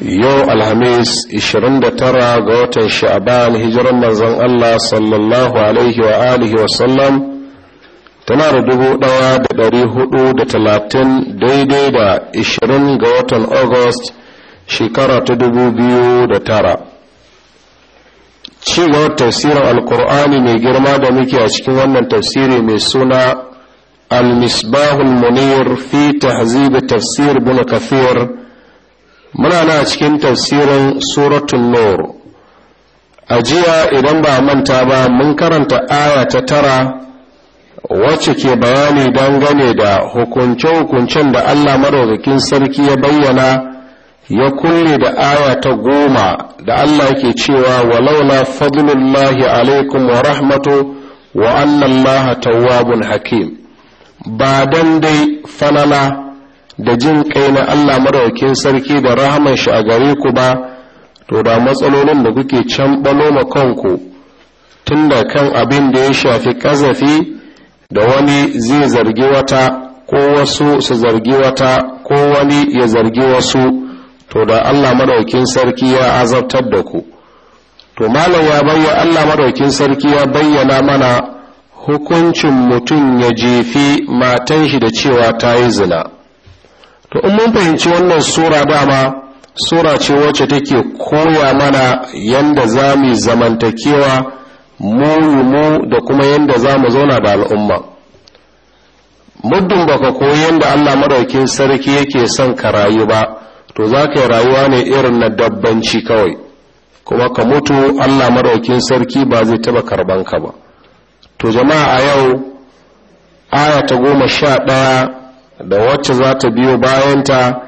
yau alhamis 29 ga watan sha'aban hijiran manzon Allah sallallahu alaihi wa alihi wa sallam tana da dubu ɗaya da dari hudu da talatin daidai da 20 ga watan august shekara ta dubu biyu da tara cigaba tafsirin alkur'ani mai girma da muke a cikin wannan tafsiri mai suna al-misbahul munir fi tahzib tafsir bin kathir muna na cikin tafsirin suratun nur a jiya idan ba manta ba mun karanta aya ta tara wacce ke bayani dangane da hukunce-hukuncen da allah madaukakin sarki ya bayyana ya kulle da aya ta goma da allah ke cewa walaula fadlullahi alaikum wa rahmatu wa annallaha tawwabun hakim ba dan dai falala da jin kai na Allah maraukin sarki da rahaman shi a gare ku ba to da matsalolin da kuke can balo ma kanku tunda kan abin da ya shafi kazafi da wani zai zargi wata ko wasu su zargi wata ko wani ya zargi wasu to da Allah maraukin sarki ya azabtar da ku to malam ya bayya Allah maraukin sarki ya bayyana mana hukuncin mutum ya jefi matan shi da cewa ta yi zina to in mun fahimci wannan sura dama sura ce wacce take koya mana yanda za mu zamantakewa mu mu da kuma yanda za mu zauna da al'umma muddin baka koyi yanda allah madaukin sarki yake son ka rayu ba to za ka yi rayuwa ne irin na dabbanci kawai kuma ka mutu allah madaukin sarki ba zai taba karban ka ba to jama'a a yau aya ta goma sha ɗaya da wacce za ta biyo bayanta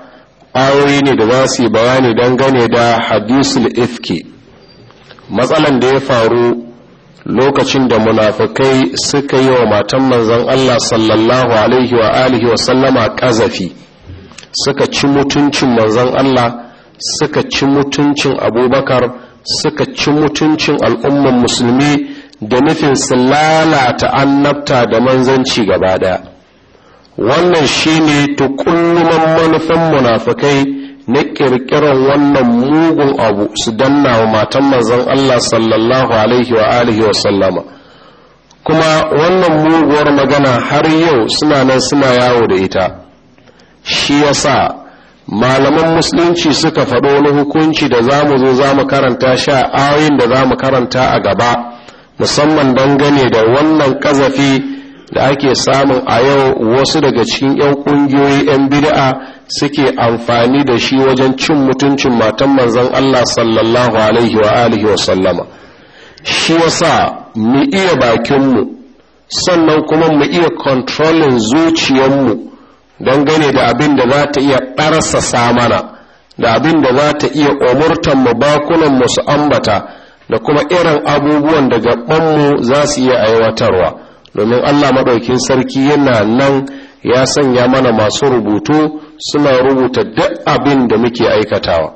ayoyi ne da za su yi bayani dangane da hadisul ifki matsalan da ya faru lokacin da munafukai suka yi wa matan manzan Allah sallallahu alaihi wa alihi wa sallama kazafi suka ci mutuncin manzan Allah suka ci mutuncin abubakar suka ci mutuncin al'umman musulmi da nufin su lalata annabta da manzanci gaba daya wannan shine tukunnuman manufan munafikai na kirkiran wannan mugun abu su danna wa matan manzon Allah sallallahu alaihi wa alihi wa sallama kuma wannan muguwar magana har yau suna nan suna yawo da ita shi yasa malaman musulunci suka faɗo wani hukunci da za mu zo za mu karanta sha ayoyin da za mu karanta a gaba musamman dangane da wannan ƙazafi da ake samun a yau wasu daga cikin 'yan ƙungiyoyi 'yan bid'a suke amfani da shi wajen cin mutuncin matan manzon Allah sallallahu alaihi wa alihi wa sallama shi wasa mu iya bakinmu sannan kuma mu iya kontrolin zuciyarmu gane da abin da za ta iya ɗarsa samana da abin da za ta iya umurtan mu bakunan mu su ambata da kuma irin abubuwan da gabanmu za su iya aiwatarwa domin allah maɗaukin sarki yana nan ya sanya mana masu rubutu suna rubuta duk abin da muke aikatawa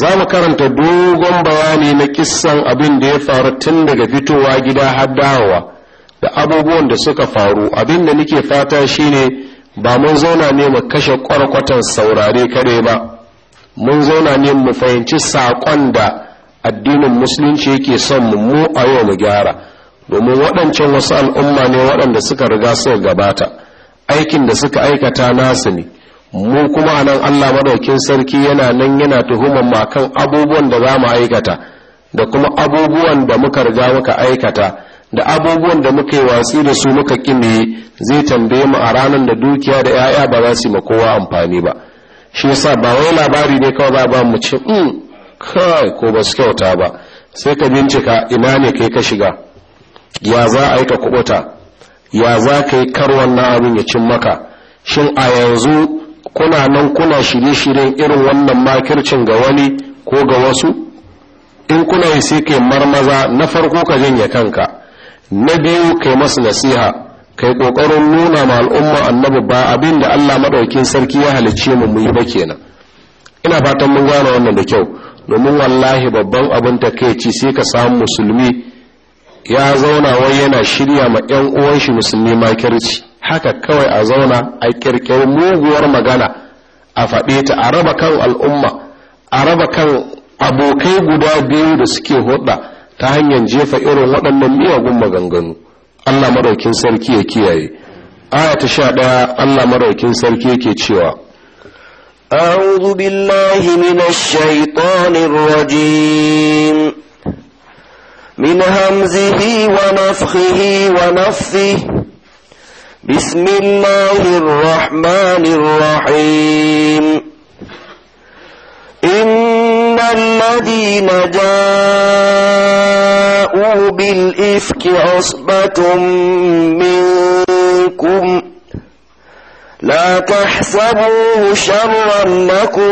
za mu karanta dogon bayani na kissan abin da ya faru tun daga fitowa gida har dawowa da abubuwan da suka faru abin da nake fata shine ba mun zauna ne mu kashe kwarkwatan saurare kare ba mun zauna ne mu fahimci saƙon da addinin musulunci yake son mu a yau mu gyara domin waɗancan wasu al'umma ne waɗanda suka riga suka gabata aikin da suka aikata nasu ne mu kuma a nan allah maɗaukin sarki yana nan yana tuhumar ma kan abubuwan da za mu aikata da kuma abubuwan da muka riga muka aikata da abubuwan da muka yi watsi da su muka kimiye zai tambaye mu a ranar da dukiya da 'ya'ya ba za su ma kowa amfani ba shi yasa ba wai labari ne kawai za ba mu ce hmm, kai ko ba su kyauta ba sai ka bincika ina ne kai ka shiga ya za a yi ka kubuta ya za ka yi kar wannan abin ya cin maka shin a yanzu kuna nan kuna shirye-shiryen irin wannan makircin ga wani ko ga wasu in kuna yi sai kai marmaza na farko ka janye kanka na biyu kai masu nasiha kai kokarin nuna ma al'umma annabi ba abin da Allah maɗaukin sarki ya halicce mu mu yi ba kenan ina fatan mun gane wannan da kyau domin wallahi babban abin ci sai ka samu musulmi ya zauna wai yana shirya ma 'yan uwan shi musulmi makirci haka kawai a zauna a kirkiri muguwar magana a faɗe ta a raba kan al'umma a raba kan abokai guda biyu da suke hudda ta hanyar jefa irin waɗannan miyagun maganganu allah maraukin sarki ya kiyaye aya ta sha ɗaya allah maraukin sarki yake cewa أعوذ بالله من الشيطان الرجيم من همزه ونفخه ونفثه بسم الله الرحمن الرحيم إن الذين جاءوا بالإفك عصبة منكم لا تحسبوه شرا لكم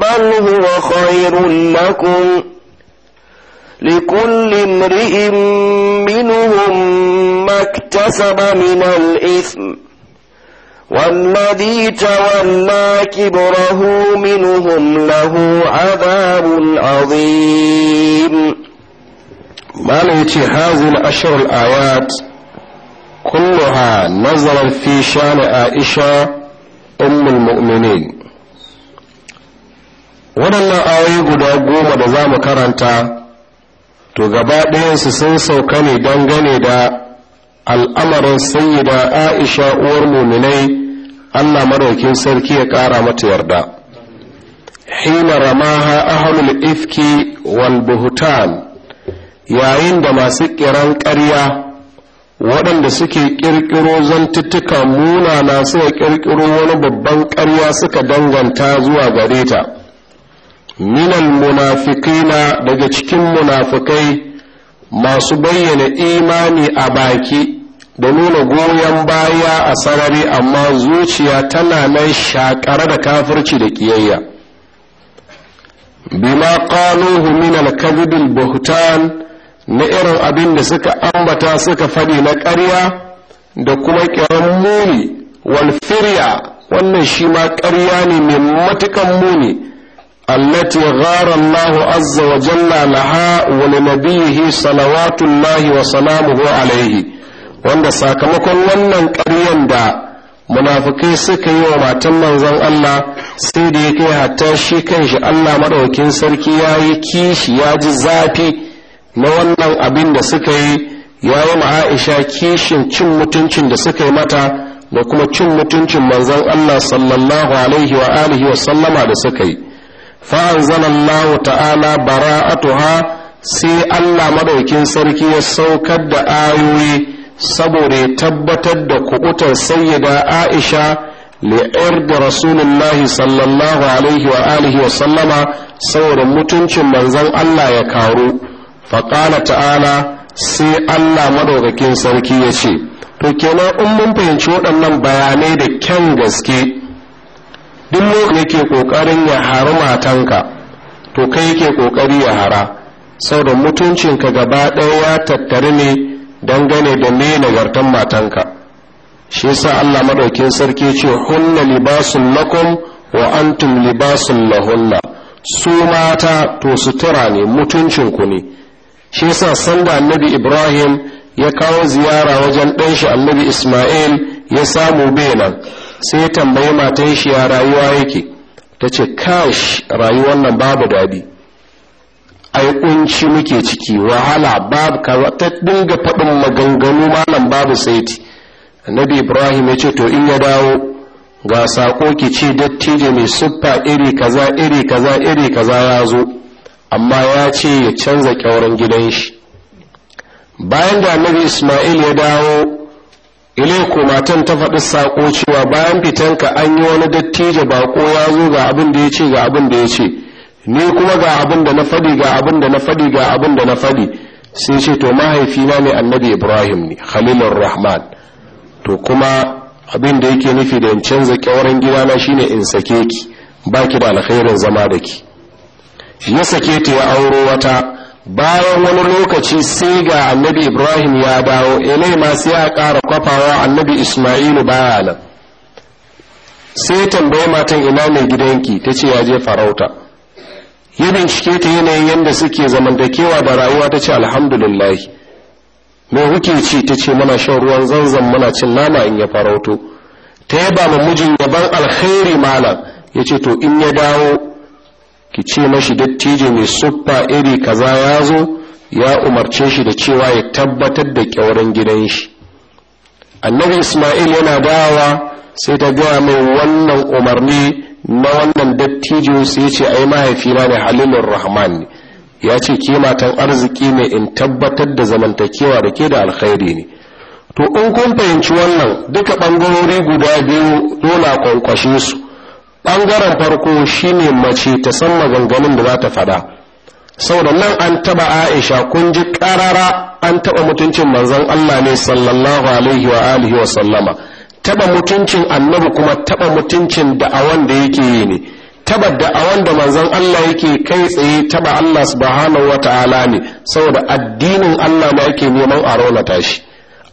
بل هو خير لكم لكل امرئ منهم ما اكتسب من الإثم والذي تولى كبره منهم له عذاب عظيم ما ليتي هذه العشر الآيات كلها نظرا في شان عائشة أم المؤمنين waɗannan ayoyi guda goma da za mu karanta to gaba ɗayansu sun sauka ne dangane da al'amarin sayyida aisha uwar muminai allah maraukin sarki ya ƙara mata yarda hina ramaha ahlul ifki wal buhutan yayin da masu ƙiran ƙarya waɗanda suke ƙirƙiro zantuttuka munana suka ƙirƙiro wani babban ƙarya suka danganta zuwa gare ta minal munafikina daga cikin munafikai masu bayyana imani a baki da nuna goyon baya a sarari amma zuciya tana nan shakara da kafirci da kiyayya bima qaluhu min al-kadhib al-buhtan na irin abin da suka ambata suka fadi na ƙarya da kuma kiran muni wal firya wannan shi ma ƙarya ne mai matukan muni التي غار الله عز وجل لها ولنبيه صلوات الله وسلامه عليه wanda sakamakon wannan ƙaryan da munafukai suka yi wa matan manzon Allah sai da ya kai hatta shi kanshi Allah maɗaukin sarki ya yi kishi ya ji zafi na wannan abin da suka yi ya yi Aisha kishin cin mutuncin da suka yi mata da kuma cin mutuncin manzon Allah sallallahu alaihi wa alihi wa sallama da suka yi fa'anzalallahu ta'ala bara'atuha sai Allah madaukin sarki ya saukar da ayoyi saboda ya tabbatar da kubutar sayyada Aisha li'ir da Rasulullahi sallallahu alaihi wa wa sallama saboda mutuncin manzon Allah ya karu faƙala ta'ala sai Allah madaukakin sarki ya ce to kenan in mun fahimci waɗannan bayanai da kyan gaske duk lokacin yake kokarin ya haru matanka to kai yake kokari ya hara saboda mutuncinka gaba ɗaya ya tattare ne dangane da me nagartan matanka shi yasa Allah madaukin sarki ce hunna libasun lakum wa antum libasun lahunna su mata to sutura ne mutuncinku ne shi yasa sanda annabi Ibrahim ya kawo ziyara wajen ɗanshi annabi Ismail ya samu benan sai ya tambayi matan shi ya rayuwa yake ta ce kash rayuwar nan babu daɗi ai kunci muke ciki wahala babu kaza ta dinga faɗin maganganu malam babu saiti annabi ibrahim ya ce to in ya dawo ga sako ki ce dattijo mai siffa iri kaza iri kaza iri kaza ya zo amma ya ce ya canza kyauran gidan shi bayan da annabi isma'il ya dawo ko matan ta faɗi sako cewa bayan fitan ka an yi wani dattijo baƙo ya zo ga abin da ya ce ga abin da ya ce ni kuma ga abin da na faɗi ga abin da na faɗi ga abin da na faɗi sai ce to mahaifina ne annabi ibrahim ne khalilur rahman to kuma abin da yake nufi da in canza kyauren gidana shine in sake ki baki da alkhairin zama da ki ya sake ta ya auro wata bayan wani lokaci sai ga annabi ibrahim ya dawo ilai ma sai a kara kwafawa annabi ismailu baya nan sai tambaye matan ina mai gidanki ta ce ya je farauta ya bincike ta yanayin yadda suke zamantakewa da rayuwa ta ce alhamdulillah me kuke ci ta ce muna shan ruwan zanzan muna cin nama in ya farauto ta yaba ma mijin ban alkhairi malam ya ce to in ya dawo ki ce mashi dattijo mai suffa iri kaza ya zo ya umarce shi da cewa ya tabbatar da kyauren gidan shi annabi isma'il yana dawowa sai ta gaya mai wannan umarni na wannan dattijo sai ce ai mahaifina ne halilun rahman ne ya ce ke matan arziki ne in tabbatar da zamantakewa da ke da alkhairi ne to in kun fahimci wannan duka ɓangarori guda biyu dole a kwankwashe su ɓangaren farko shine mace ta san maganganun da za ta faɗa saboda nan an taba aisha kun ji ƙarara an taba mutuncin manzon allah ne sallallahu alaihi wa alihi wa sallama taɓa mutuncin annabi kuma taba mutuncin a wanda yake yi ne da a wanda manzon allah yake kai tsaye taba allah subhanahu wa ta'ala ne saboda addinin allah ma yake neman a raunata tashi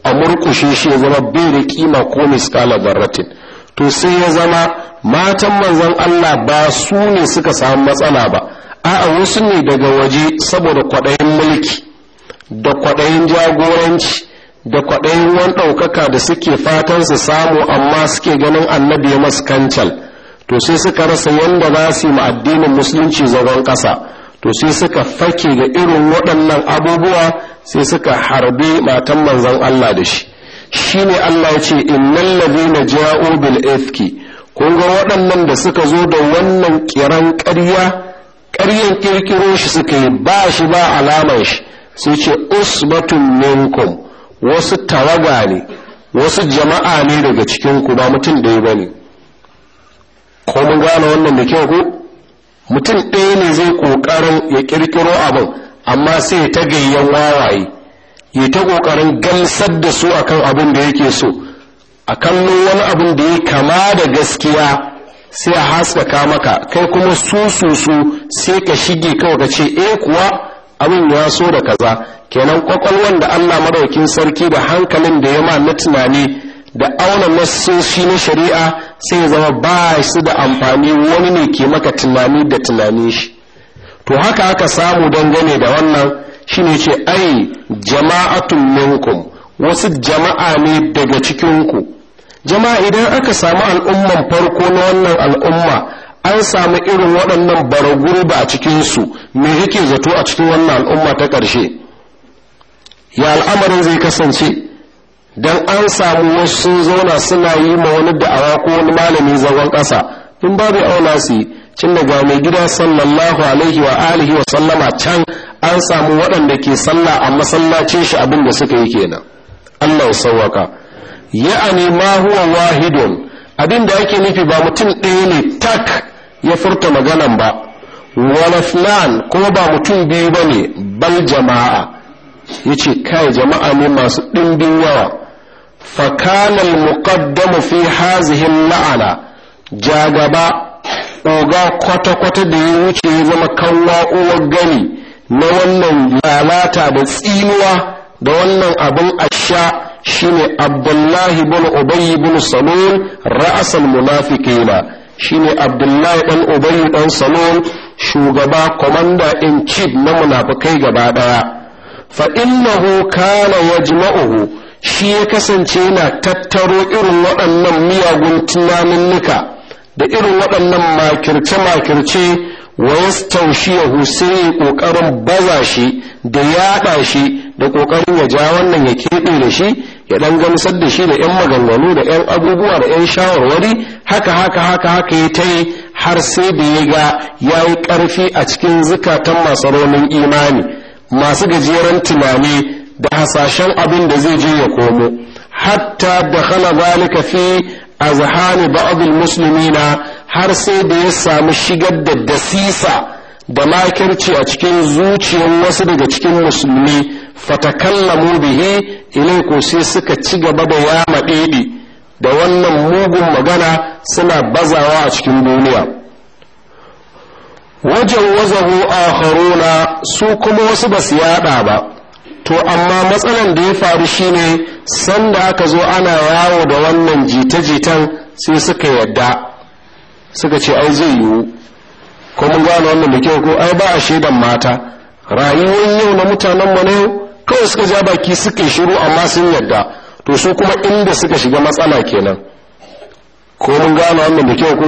a murkushe shi ya zama bai da kima ko miskala to sai ya zama matan manzon Allah ba su ne suka samu matsala ba a'a wasu ne daga waje saboda kwaɗayin mulki da kwaɗayin jagoranci da kwaɗayin wani ɗaukaka da suke fatan su samu amma suke ganin annabi ya masu kancal to sai suka rasa yadda za su yi ma addinin musulunci zagon ƙasa to sai suka fake ga irin waɗannan abubuwa sai suka harbe matan manzon Allah da shi shi ne Allah ya ce innal ladhina ja'u bil ifki kun waɗannan da suka zo da wannan kiran ƙarya ƙaryan kirkiro shi suka yi ba shi ba alamar shi sai ce usbatun minkum wasu tawaga ne wasu jama'a ne daga cikin ku ba mutum ɗaya ba ne ko mun gane wannan da kyau ku mutum ɗaya ne zai ƙoƙarin ya ƙirƙiro abin amma sai ta gayyan wawaye ya ta ƙoƙarin gamsar da su akan abin da yake so a kallo wani abin da ya kama da gaskiya sai a haskaka maka kai kuma su sai ka shige kawai ka ce eh kuwa abin ya so da kaza kenan kwakwalwan da Allah madaukin sarki da hankalin da ya ma na tunani da auna nassoshi na shari'a sai ya zama ba su da amfani wani ne ke maka tunani da tunani shi to haka aka samu dangane da wannan shi ne ce ai jama'atun minkum wasu jama'a ne daga cikinku jama'a idan aka samu al'umman farko na wannan al'umma an samu irin waɗannan baragurba a cikinsu me yake zato a cikin wannan al'umma ta ƙarshe ya al'amarin zai kasance don an samu wasu sun zauna suna yi ma wani da'awa ko wani malami zagon ƙasa in babu auna su yi cin daga mai gida sallallahu alaihi wa alihi wa sallama can an samu waɗanda ke sallah a masallacin shi abinda suka yi kenan allah ya sauwaka ya'ani ma huwa wahidun abin da yake nufi ba mutum ɗaya ne tak ya furta maganan ba walafnan kuma ba mutum biyu ba ne bal jama'a ya ce kai jama'a ne masu ɗimbin yawa fakanan muqaddamu fi hazihin la'ana jagaba ɗoga kwata-kwata da ya wuce ya zama kanwa uwar gani na wannan lalata da tsinuwa da wannan abin asha shine abdullahi bin ubayy bin salul ra'asal munafiqin shine abdullahi dan ubayy dan salul shugaba commander in chief na munafikai gaba daya fa innahu kana yajma'uhu shi ya kasance yana tattaro irin waɗannan miyagun tunaninnika da irin waɗannan makirce-makirce wa yastawshiyahu sai kokarin baza shi da yaɗa shi da kokarin ya ja wannan ya kebe da shi ya dan gamsar da shi da yan maganganu da yan abubuwa da yan shawarwari haka haka haka haka ya tayi har sai da ya ga yayi karfi a cikin zukatan masu imani masu gajeren tunani da hasashen abin da zai je ya komo hatta da zalika fi azhani ba'd al har sai da ya samu shigar da dasisa da makirci a cikin zuciyar wasu daga cikin musulmi fatakallamu bihi ilai ko sai suka ci gaba da ya maɗeɗi da wannan mugun magana suna bazawa a cikin duniya wajen a haruna su kuma wasu ba su yada ba to amma matsalan da ya faru shine sanda aka zo ana yawo da wannan jita-jitan sai suka yadda suka ce ai zai yiwu ko mun gane wannan da kyau ko ai ba a shaidan mata rayuwar yau na mutanen mu ne kawai suka ja baki suka shiru amma sun yarda to su kuma inda suka shiga matsala kenan ko mun gane wannan da kyau ko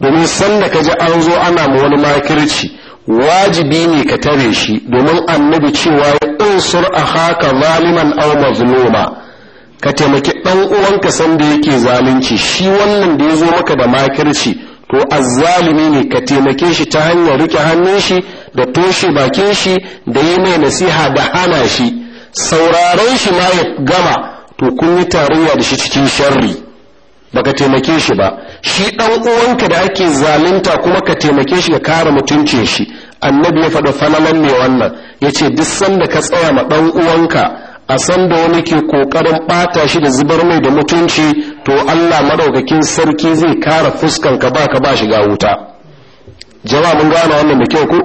domin sanda ka ji an zo ana ma wani makirci wajibi ne ka tare shi domin annabi cewa ya unsur haka zaliman aw mazluma ka taimaki dan uwanka sanda yake zalunci shi wannan da ya zo maka da makirci to azzalimi ne ka taimake shi ta hanyar rike hannun shi da toshe bakin shi da yi mai nasiha da hana shi sauraron shi ma ya gama to kun yi tarayya da shi cikin sharri ka taimake shi ba shi dan uwanka da ake zalunta kuma ka taimake shi ka kare mutuncin shi annabi ya faɗa falalan ne wannan Ya ce duk sanda ka tsaya ma dan uwanka a san da wani ke kokarin bata shi da zubar mai da mutunci to Allah madaukakin sarki zai kara fuskan ka ba ka ba shiga wuta jawabin gane wannan da kyau ko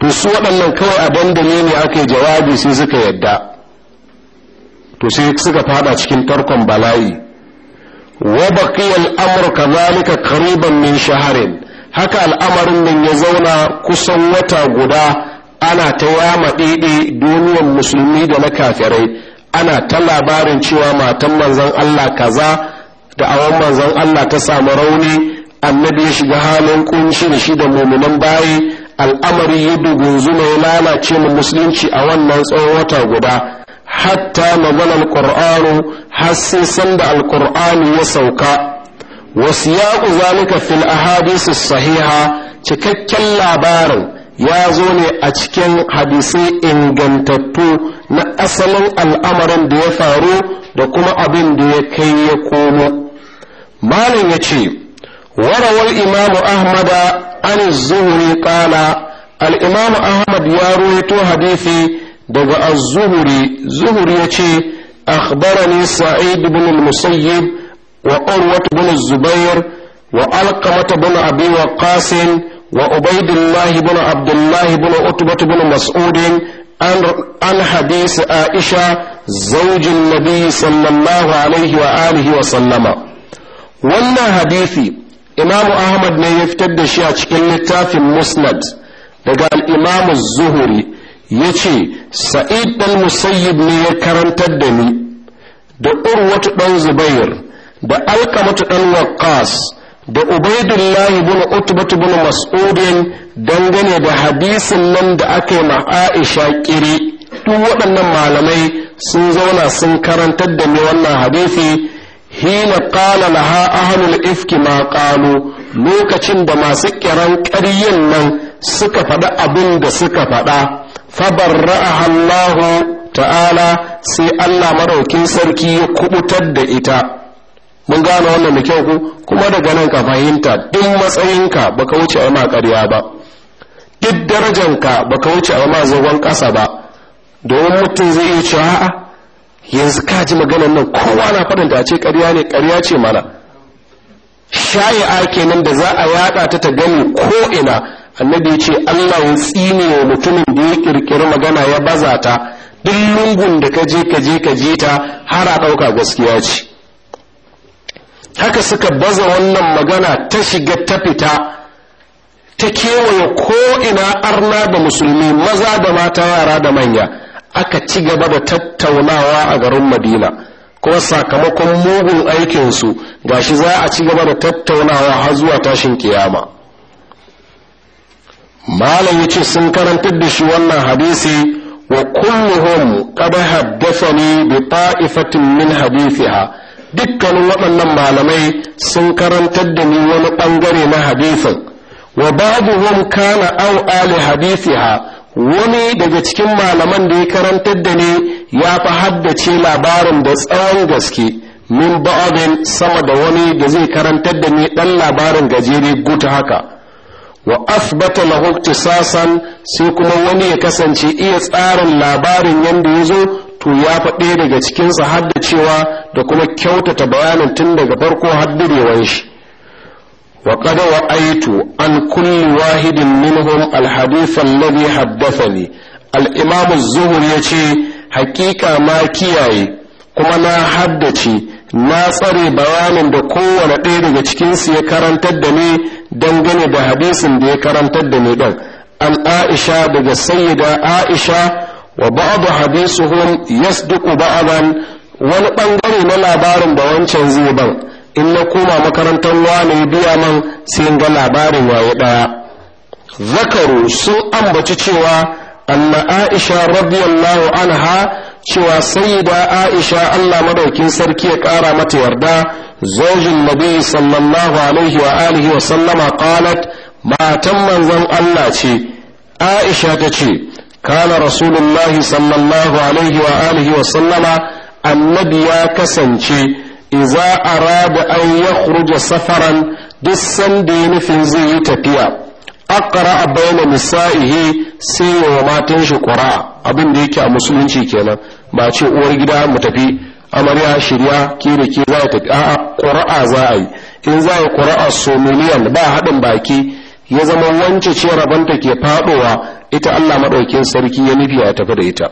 to su waɗannan kawai a dandali ne aka yi jawabi sai suka yadda to sai suka fada cikin tarkon bala'i wa baqiyal amru kadhalika qariban min shahrin haka al'amarin nan ya zauna kusan wata guda ana ta yama ɗiɗi duniyar musulmi da na kafirai ana ta labarin cewa matan manzon Allah kaza da awon manzon Allah ta samu rauni annabi ya shiga halin kunshi da shi da mumunan bayi al'amari ya dugunzu ya lalace mu musulunci a wannan tsawon wata guda hatta magana alƙur'anu har sai sanda alƙur'ani ya sauka wasu yaƙu zalika fil ahadisi sahiha cikakken labarin ya zo ne a cikin hadisai ingantattu na asalin al'amarin da ya faru da kuma abin da ya kai ya komo malam ya ce warawar imamu ahmada an zuhuri kala al'imamu ahmad ya ruwaito hadisi daga az-zuhuri zuhuri ya ce akhbarani sa'id bin al-musayyib wa urwat bin zubair wa alƙamata bin abi waqasin وعبيد الله بن عبد الله بن عتبة بن مسعود عن حديث عائشة زوج النبي صلى الله عليه وآله وسلم wannan hadisi imamu ahmad ne ya fitar da shi a cikin littafin musnad daga al'imamu zuhuri ya ce sa'id ɗan musayyib ne ya karantar da ni da urwatu ɗan zubair da alkamatu ɗan waqqas da ubaidullahi bin utbatu bin mas'udin dangane da hadisin nan da aka yi ma aisha kiri duk waɗannan malamai sun zauna sun karantar da mai wannan hadisi hina qala laha ahlul ifki ma qalu lokacin da masu kiran ƙaryen nan suka faɗa abin da suka faɗa a Allah ta'ala sai Allah madaukin sarki ya kubutar da ita mun gane wannan da kyau ko kuma daga nan ka fahimta duk matsayinka baka wuce a ma ƙarya ba duk darajanka baka wuce a ma zagon ƙasa ba domin mutum zai iya cewa a yanzu ka ji maganar nan kowa na faɗin a ce ƙarya ne ƙarya ce mana sha'i'a kenan da za a yaɗa ta ta gani ko ina annabi ya ce Allah ya tsine wa mutumin da ya ƙirƙiri magana ya baza ta duk lungun da kaje kaje kaje ta har a ɗauka gaskiya ce haka suka baza wannan magana ta shiga ta fita ta kewaye ko'ina arna da musulmi maza da mata yara da manya aka ci gaba da tattaunawa a garin madina kuma sakamakon mugun aikinsu shi za a ci gaba da tattaunawa har zuwa tashin kiyama malam ya ce sun karantar da shi wannan hadisi wa kulluhum qad haddathani bi ta'ifatin min hadithiha dukkanin waɗannan malamai sun karantar da ni wani ɓangare na hadisin wa babuhum kana aw ali hadisiha wani daga cikin malaman da ya karantar da ni ya fi haddace labarin da tsawon gaske min sama da wani da zai karantar da ni ɗan labarin gajere guta haka wa asbata lahu iktisasan sai kuma wani ya kasance iya tsarin labarin yanda ya zo to ya faɗe daga cikinsa har da cewa da kuma kyautata bayanin tun daga farko har direwan shi wa wa an kulli wahidin minhum alhadith alladhi haddathani al-imam az-zuhri yace haƙiƙa ma kiyaye kuma na haddace na tsare bayanin da kowane ɗaya daga cikinsu ya karantar da ni dangane da hadisin da ya karantar da ni ɗan an aisha daga sayyida aisha wa ba'adu hadisuhum yasduqu ba'dan wani bangare na labarin da wancan zai ban in na koma makarantar wani biya man sai ga labarin waye ɗaya. zakaru sun ambaci cewa anna aisha radiyallahu anha cewa sayyida aisha Allah madaukin sarki ya kara mata yarda zaujin nabi sallallahu alaihi wa alihi wa sallama qalat matan manzon Allah ce aisha ta ce kana rasulullahi sallallahu alaihi wa alihi wa sallama annabi ya kasance iza arada an yakhruja safaran duk sanda ya nufin zai yi tafiya aqra bayna ihe sai wa matan shi qura abin da yake a musulunci kenan ba ce uwar gida mu tafi amarya shirya ke da ke za a tafi a'a qura za a yi in za a ƙuri'a so ba haɗin baki ya zama wance ce rabanta ke faɗowa ita Allah madaukin sarki ya nufi a tafi da ita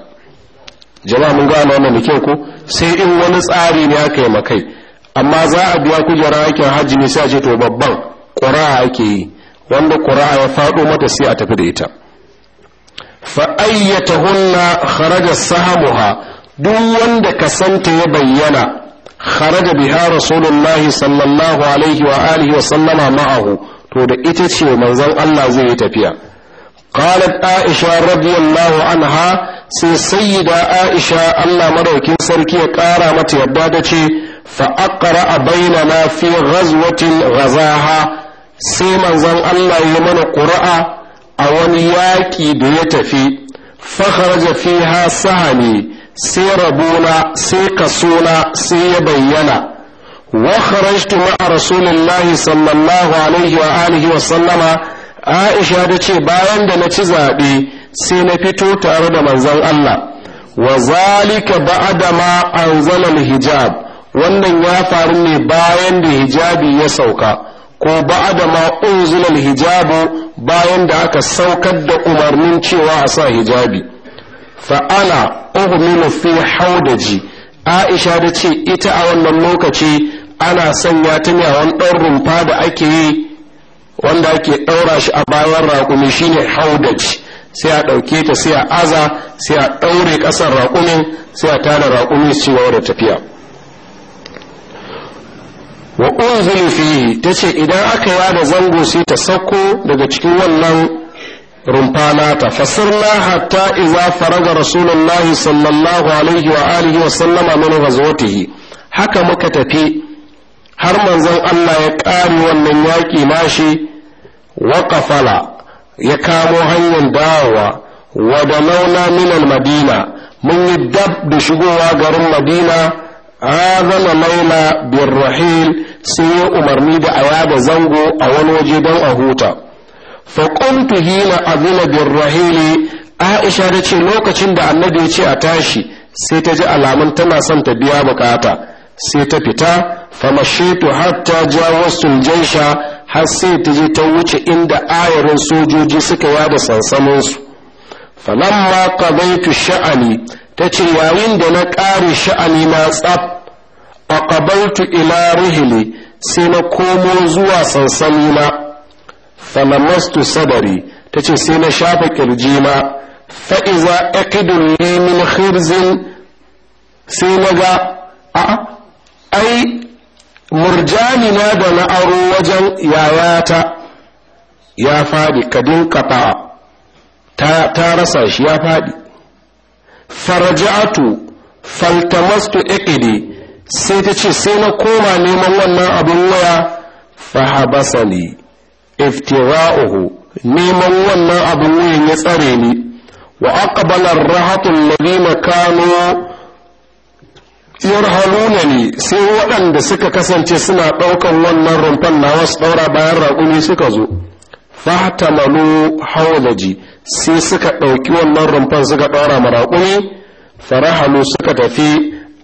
jama'a mun gano wannan kyau ko sai in wani tsari ne aka yi makai amma za a biya kujera aikin hajji ne sai ce to babban qura'a ake yi wanda qura'a ya faɗo mata sai a tafi da ita fa ayyatahunna kharaja sahamuha duk wanda ka kasanta ya bayyana kharaja biha rasulullahi sallallahu alaihi wa alihi wa sallama ma'ahu to da ita ce manzon Allah zai yi tafiya qalat aisha radiyallahu anha sai sayyida aisha Allah madaukin sarki ya kara mata yadda da ce fa aqra bainana fi ghazwatin ghazaha sai manzon Allah ya mana qura'a a wani yaƙi da ya tafi fa kharaja fiha sahani sai rabona sai na, sai ya bayyana وخرجت مع رسول الله صلى الله عليه وآله وسلم عائشة تشي بايان دا نتزابي سينفتو تارد منزل الله وذلك بعدما أنزل الحجاب wannan ya faru ne bayan da hijabi ya sauka ko ba'adama ma unzila hijabu bayan da aka saukar da umarnin cewa a sa hijabi fa'ana uhumilu fi haudaji aisha da ce ita a wannan lokaci ana sanya ta ɗan rumfa da ake yi wanda ake ɗaura shi a bayan raƙumi shine haudaj sai a ɗauke ta sai a aza sai a ɗaure ƙasar raƙumin sai a tana raƙumi su da tafiya wa unzulu fihi ta ce idan aka yi zango sai ta sauko daga cikin wannan rumfa nata na hatta iza faraga rasulullahi sallallahu alaihi wa alihi wa sallama min ghazwatihi haka muka tafi har manzon Allah ya ƙare wannan yaƙi nashi waƙafala ya kamo hanyar dawowa wada launa minal madina mun yi dab da shigowa garin madina azana bin birrahil sai ya umarni da aya da zango a wani waje don a huta faƙuntu hina azina birrahili aisha ta ce lokacin da annabi ya ce a tashi sai ta ji alamun tana son ta biya bukata sai ta fita famashetu hatta jawastul jaisha har sai ta je ta wuce inda ayarin sojoji suka yada sansaninsu falamma qadaitu sha'ani ta ce yayin da na ƙare sha'ani na tsab. aqabaltu ila rihili sai na komo zuwa sansani na falamastu sadari ta ce sai na shafa kirji fa'iza aqidun min khirzin sai na ga a'a ai murjani na da na aro wajen yayata ya faɗi kadin kafa ta rasa shi ya faɗi farja'atu faltamastu iqidi sai ta ce sai na koma neman wannan abin waya fahabasa iftira'uhu neman wannan abin wayan ya tsare ni wa aqbala rahatul ladina kanu yarhalunani sai waɗanda suka kasance suna ɗaukan wannan rumfan na wasu ɗaura bayan raƙumi suka zo fahtamalu hawlaji sai suka ɗauki wannan rumfan suka ɗaura ma raƙumi farahalu suka tafi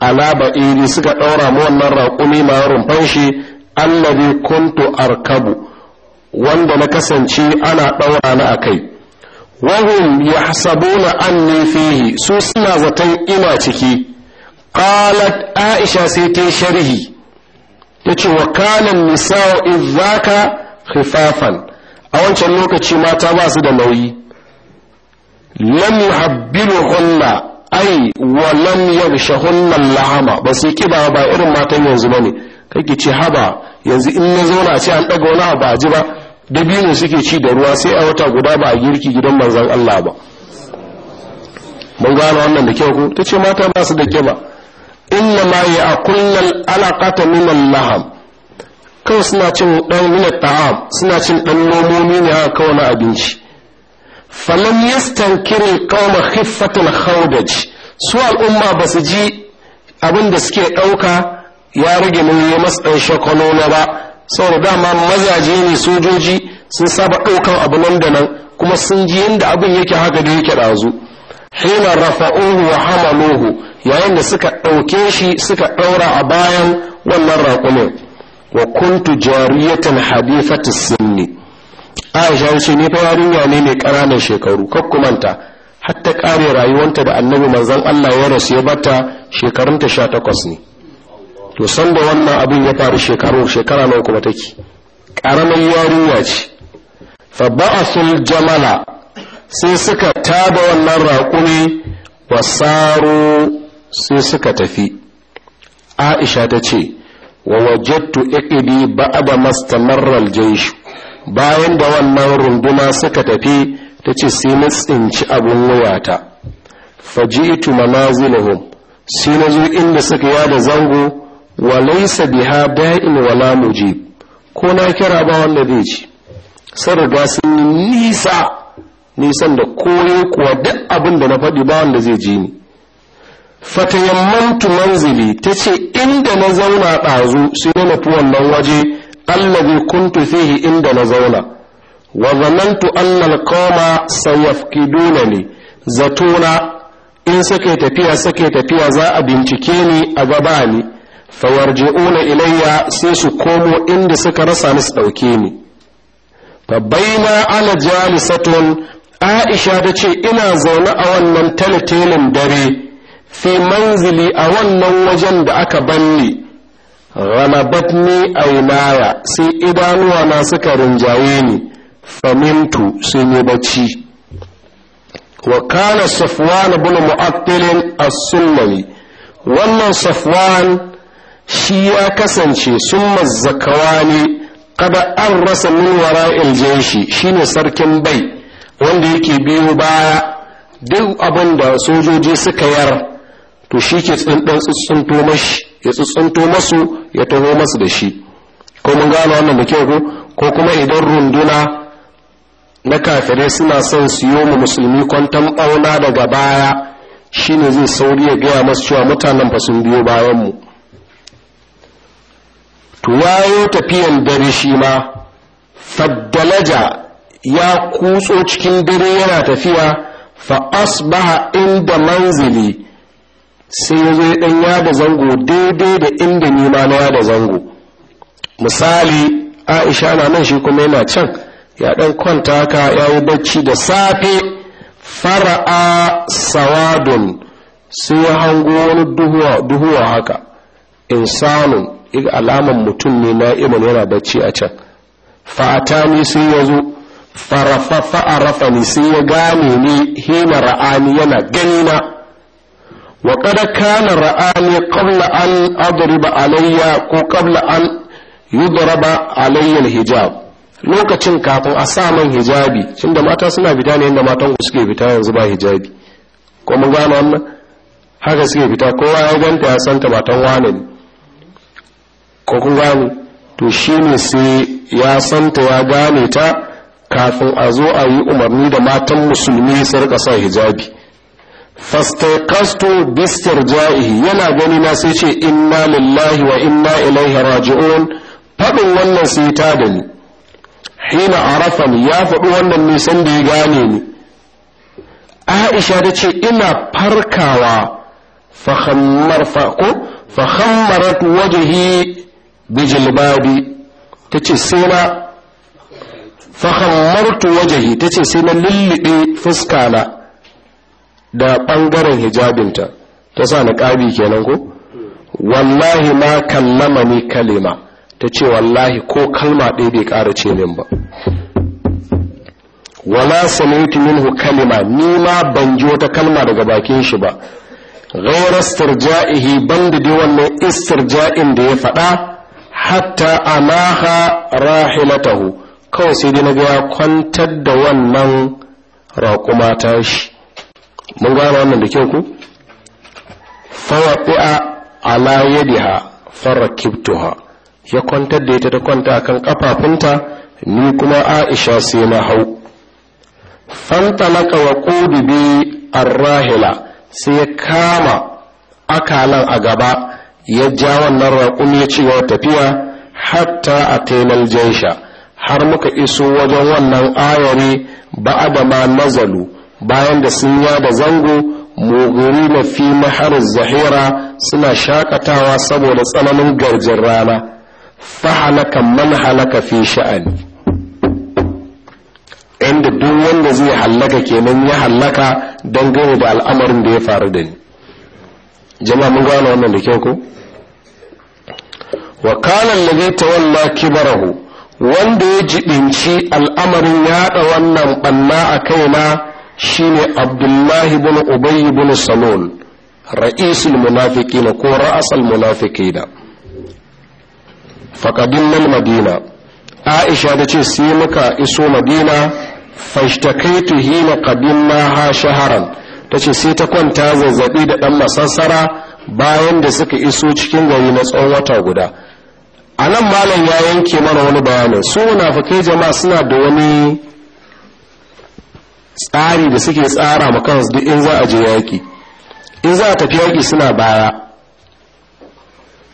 ala ba'iri suka ɗaura ma wannan raƙumi ma rumfan shi allabi kuntu arkabu wanda na kasance ana ɗaura na akai wahum yahsabuna anni fihi su suna zaton ina ciki qalat aisha sai ta sharhi ta ce wa kanan nisa'u idzaka khifafan a wancan lokaci mata basu da nauyi lam yuhabbiluhunna ai wa lam yabshahunna lahama ba sai kiba ba irin matan yanzu ba bane kake ci haba yanzu in na zauna ce an daga wani ba ji ba dabino suke ci da ruwa sai a wata guda ba a girki gidan manzon Allah ba mun gane wannan da kyau ko tace mata basu da kiba inna ma ya akullal alaqata min al-laham kawai suna cin ɗan min ta'am suna cin ɗan nomomi ne a kawai abinci falam yastankir stankirin qawm khiffat al su al'umma ba su ji abin da suke ɗauka ya rage nauyi masu ɗan shakwano na ba saboda dama mazaje ne sojoji sun saba ɗaukan abu nan da nan kuma sun ji yadda abin yake haka da yake ɗazu hina rafa'uhu wa hamaluhu yayin da suka ɗauke shi suka ɗaura a bayan wannan raƙumin wa kuntu jariyatan hadifati sinni aisha ce ni fa yarinya ne mai ƙananan shekaru kakkumanta har ta ƙare rayuwanta da annabi manzon Allah ya rasu ya bata shekarunta sha takwas ne to san da wannan abin ya faru shekaru shekara nawa kuma take ƙaramin yarinya ce fa ba'asul jamala sai suka tada wannan raƙumi wa wasaro sai suka tafi aisha ta ce wa wajattu iqidi ba'da mastamarra al bayan da wannan runduna suka tafi ta ce sai na tsinci abin wuyata faji'tu manazilahum sai na zo inda suka yada zango wa laysa biha da'in wala mujib ko na kira ba wanda zai ci sun riga sun nisa nisan da koyo kuwa duk abin da na faɗi ba wanda zai je ni fatayammantu manzili ta ce inda na zauna ɗazu sai na nufi wannan waje allabi kuntu fihi inda na zauna wa zamantu annal qawma sayafkiduna ne zatona in sake tafiya sake tafiya za a bincike ni a gaba ni fayarji'una ilayya sai su komo inda suka rasa ni su ɗauke ni fa baina ana jalisatun aisha ta ce ina zaune a wannan talatelin dare fi manzili a wannan wajen da aka banni a yi ainaya sai idanuwa na suka rinjaye ni famintu sai ne bacci wa kana safwan ibn mu'attil as wannan safwan shi ya kasance summa zakawani kada an rasa min shi shi shine sarkin bai wanda yake biyo baya duk abin da sojoji suka yar to shi ke tsindan mashi ya tsintsinto masu ya taho masu da shi ko mun gano wannan da kyau ko kuma idan runduna na kafire suna son siyo yi mu musulmi kwantan auna daga baya shine zai sauri ya gaya masu cewa mutanen fa sun biyo bayan mu to yayo tafiyan dare shi ma faddalaja ya kutso cikin dare yana tafiya fa asbaha inda manzili sai ya zo ya ɗan zango daidai da inda nima na da zango misali aisha na nan shi kuma yana can ya ɗan kwanta ka ya yi bacci da safe fara'a sawadun sai ya hango wani duhuwa haka insanun iga alaman mutum ne na iman yana bacci a can fa'ata ne sai ya zo fa'arafa ne sai ya gane ni hina ra'ani yana ganina wa ƙada kana ra'ani ƙabla an adriba alayya ko ƙabla an yudraba alayya hijab. lokacin kafin a sa man hijabi da mata suna fita ne inda matan ku suke fita yanzu ba hijabi ko mun gane wannan haka suke fita kowa ya ganta ya santa matan wane ne ko kun gane to shine sai ya santa ya gane ta kafin a zo a yi umarni da matan musulmi su rika sa hijabi bistar bistirja'ihi yana gani na sai ce inna lillahi wa inna ilaihi raji'un faɗin wannan sai ta da ni hina arafan ya faɗi wannan nisan da ya gane ni aisha ta ce ina farkawa fahammar fako fahammarat wajahi bijilbabi ta ce sai na fahammartu wajahi ta ce sai na lullube fuska na da ɓangaren hijabinta ta sa na ƙabi kenan ko wallahi ma kallama ni kalima ta ce wallahi ko kalma ɗaya bai ƙara ce min ba wala samitu minhu kalima ni ma ban ji wata kalma daga bakin shi ba ghayra istirja'ihi da dai wannan istirja'in da ya faɗa hatta amaha rahilatahu kawai sai dai na ga ya kwantar da wannan raƙuma ta shi mun gama wannan da kyau ku fawaɗi'a ala yadiha farakibtuha ya kwantar da ita ta kwanta kan kafafunta ni kuma aisha sai na hau fantalaka wa bi arrahila sai ya kama akalan a gaba ya ja wannan raƙumi ya cewa tafiya hatta a taimal jaisha har muka iso wajen wannan ayari ba ma nazalu bayan da sun yada zango muguri na fi maharar zahira suna shakatawa saboda tsananin garjin rana fahalaka man halaka fi sha'ani inda duk wanda zai hallaka kenan ya hallaka dangane da al'amarin da ya faru da ni jama'a mun gane wannan da kyau ko wa kana allazi tawalla kibarahu wanda ya jibinci al'amarin yaɗa wannan ɓanna a kaina shine abdullahi bin ubayy bin salon ra'isul na ko ra'asal munafiqina nan madina aisha da ce sai muka iso madina fashtakaitu hina qadimna ha shaharan tace sai ta kwanta zazzaɓi da ɗan masassara bayan da suka iso cikin gari na tsawon wata guda a nan malam ya yanke mana wani bayanin su munafukai jama'a suna da wani tsari da suke tsara ma kansu duk in za a je yaƙi in za a tafi yaƙi suna baya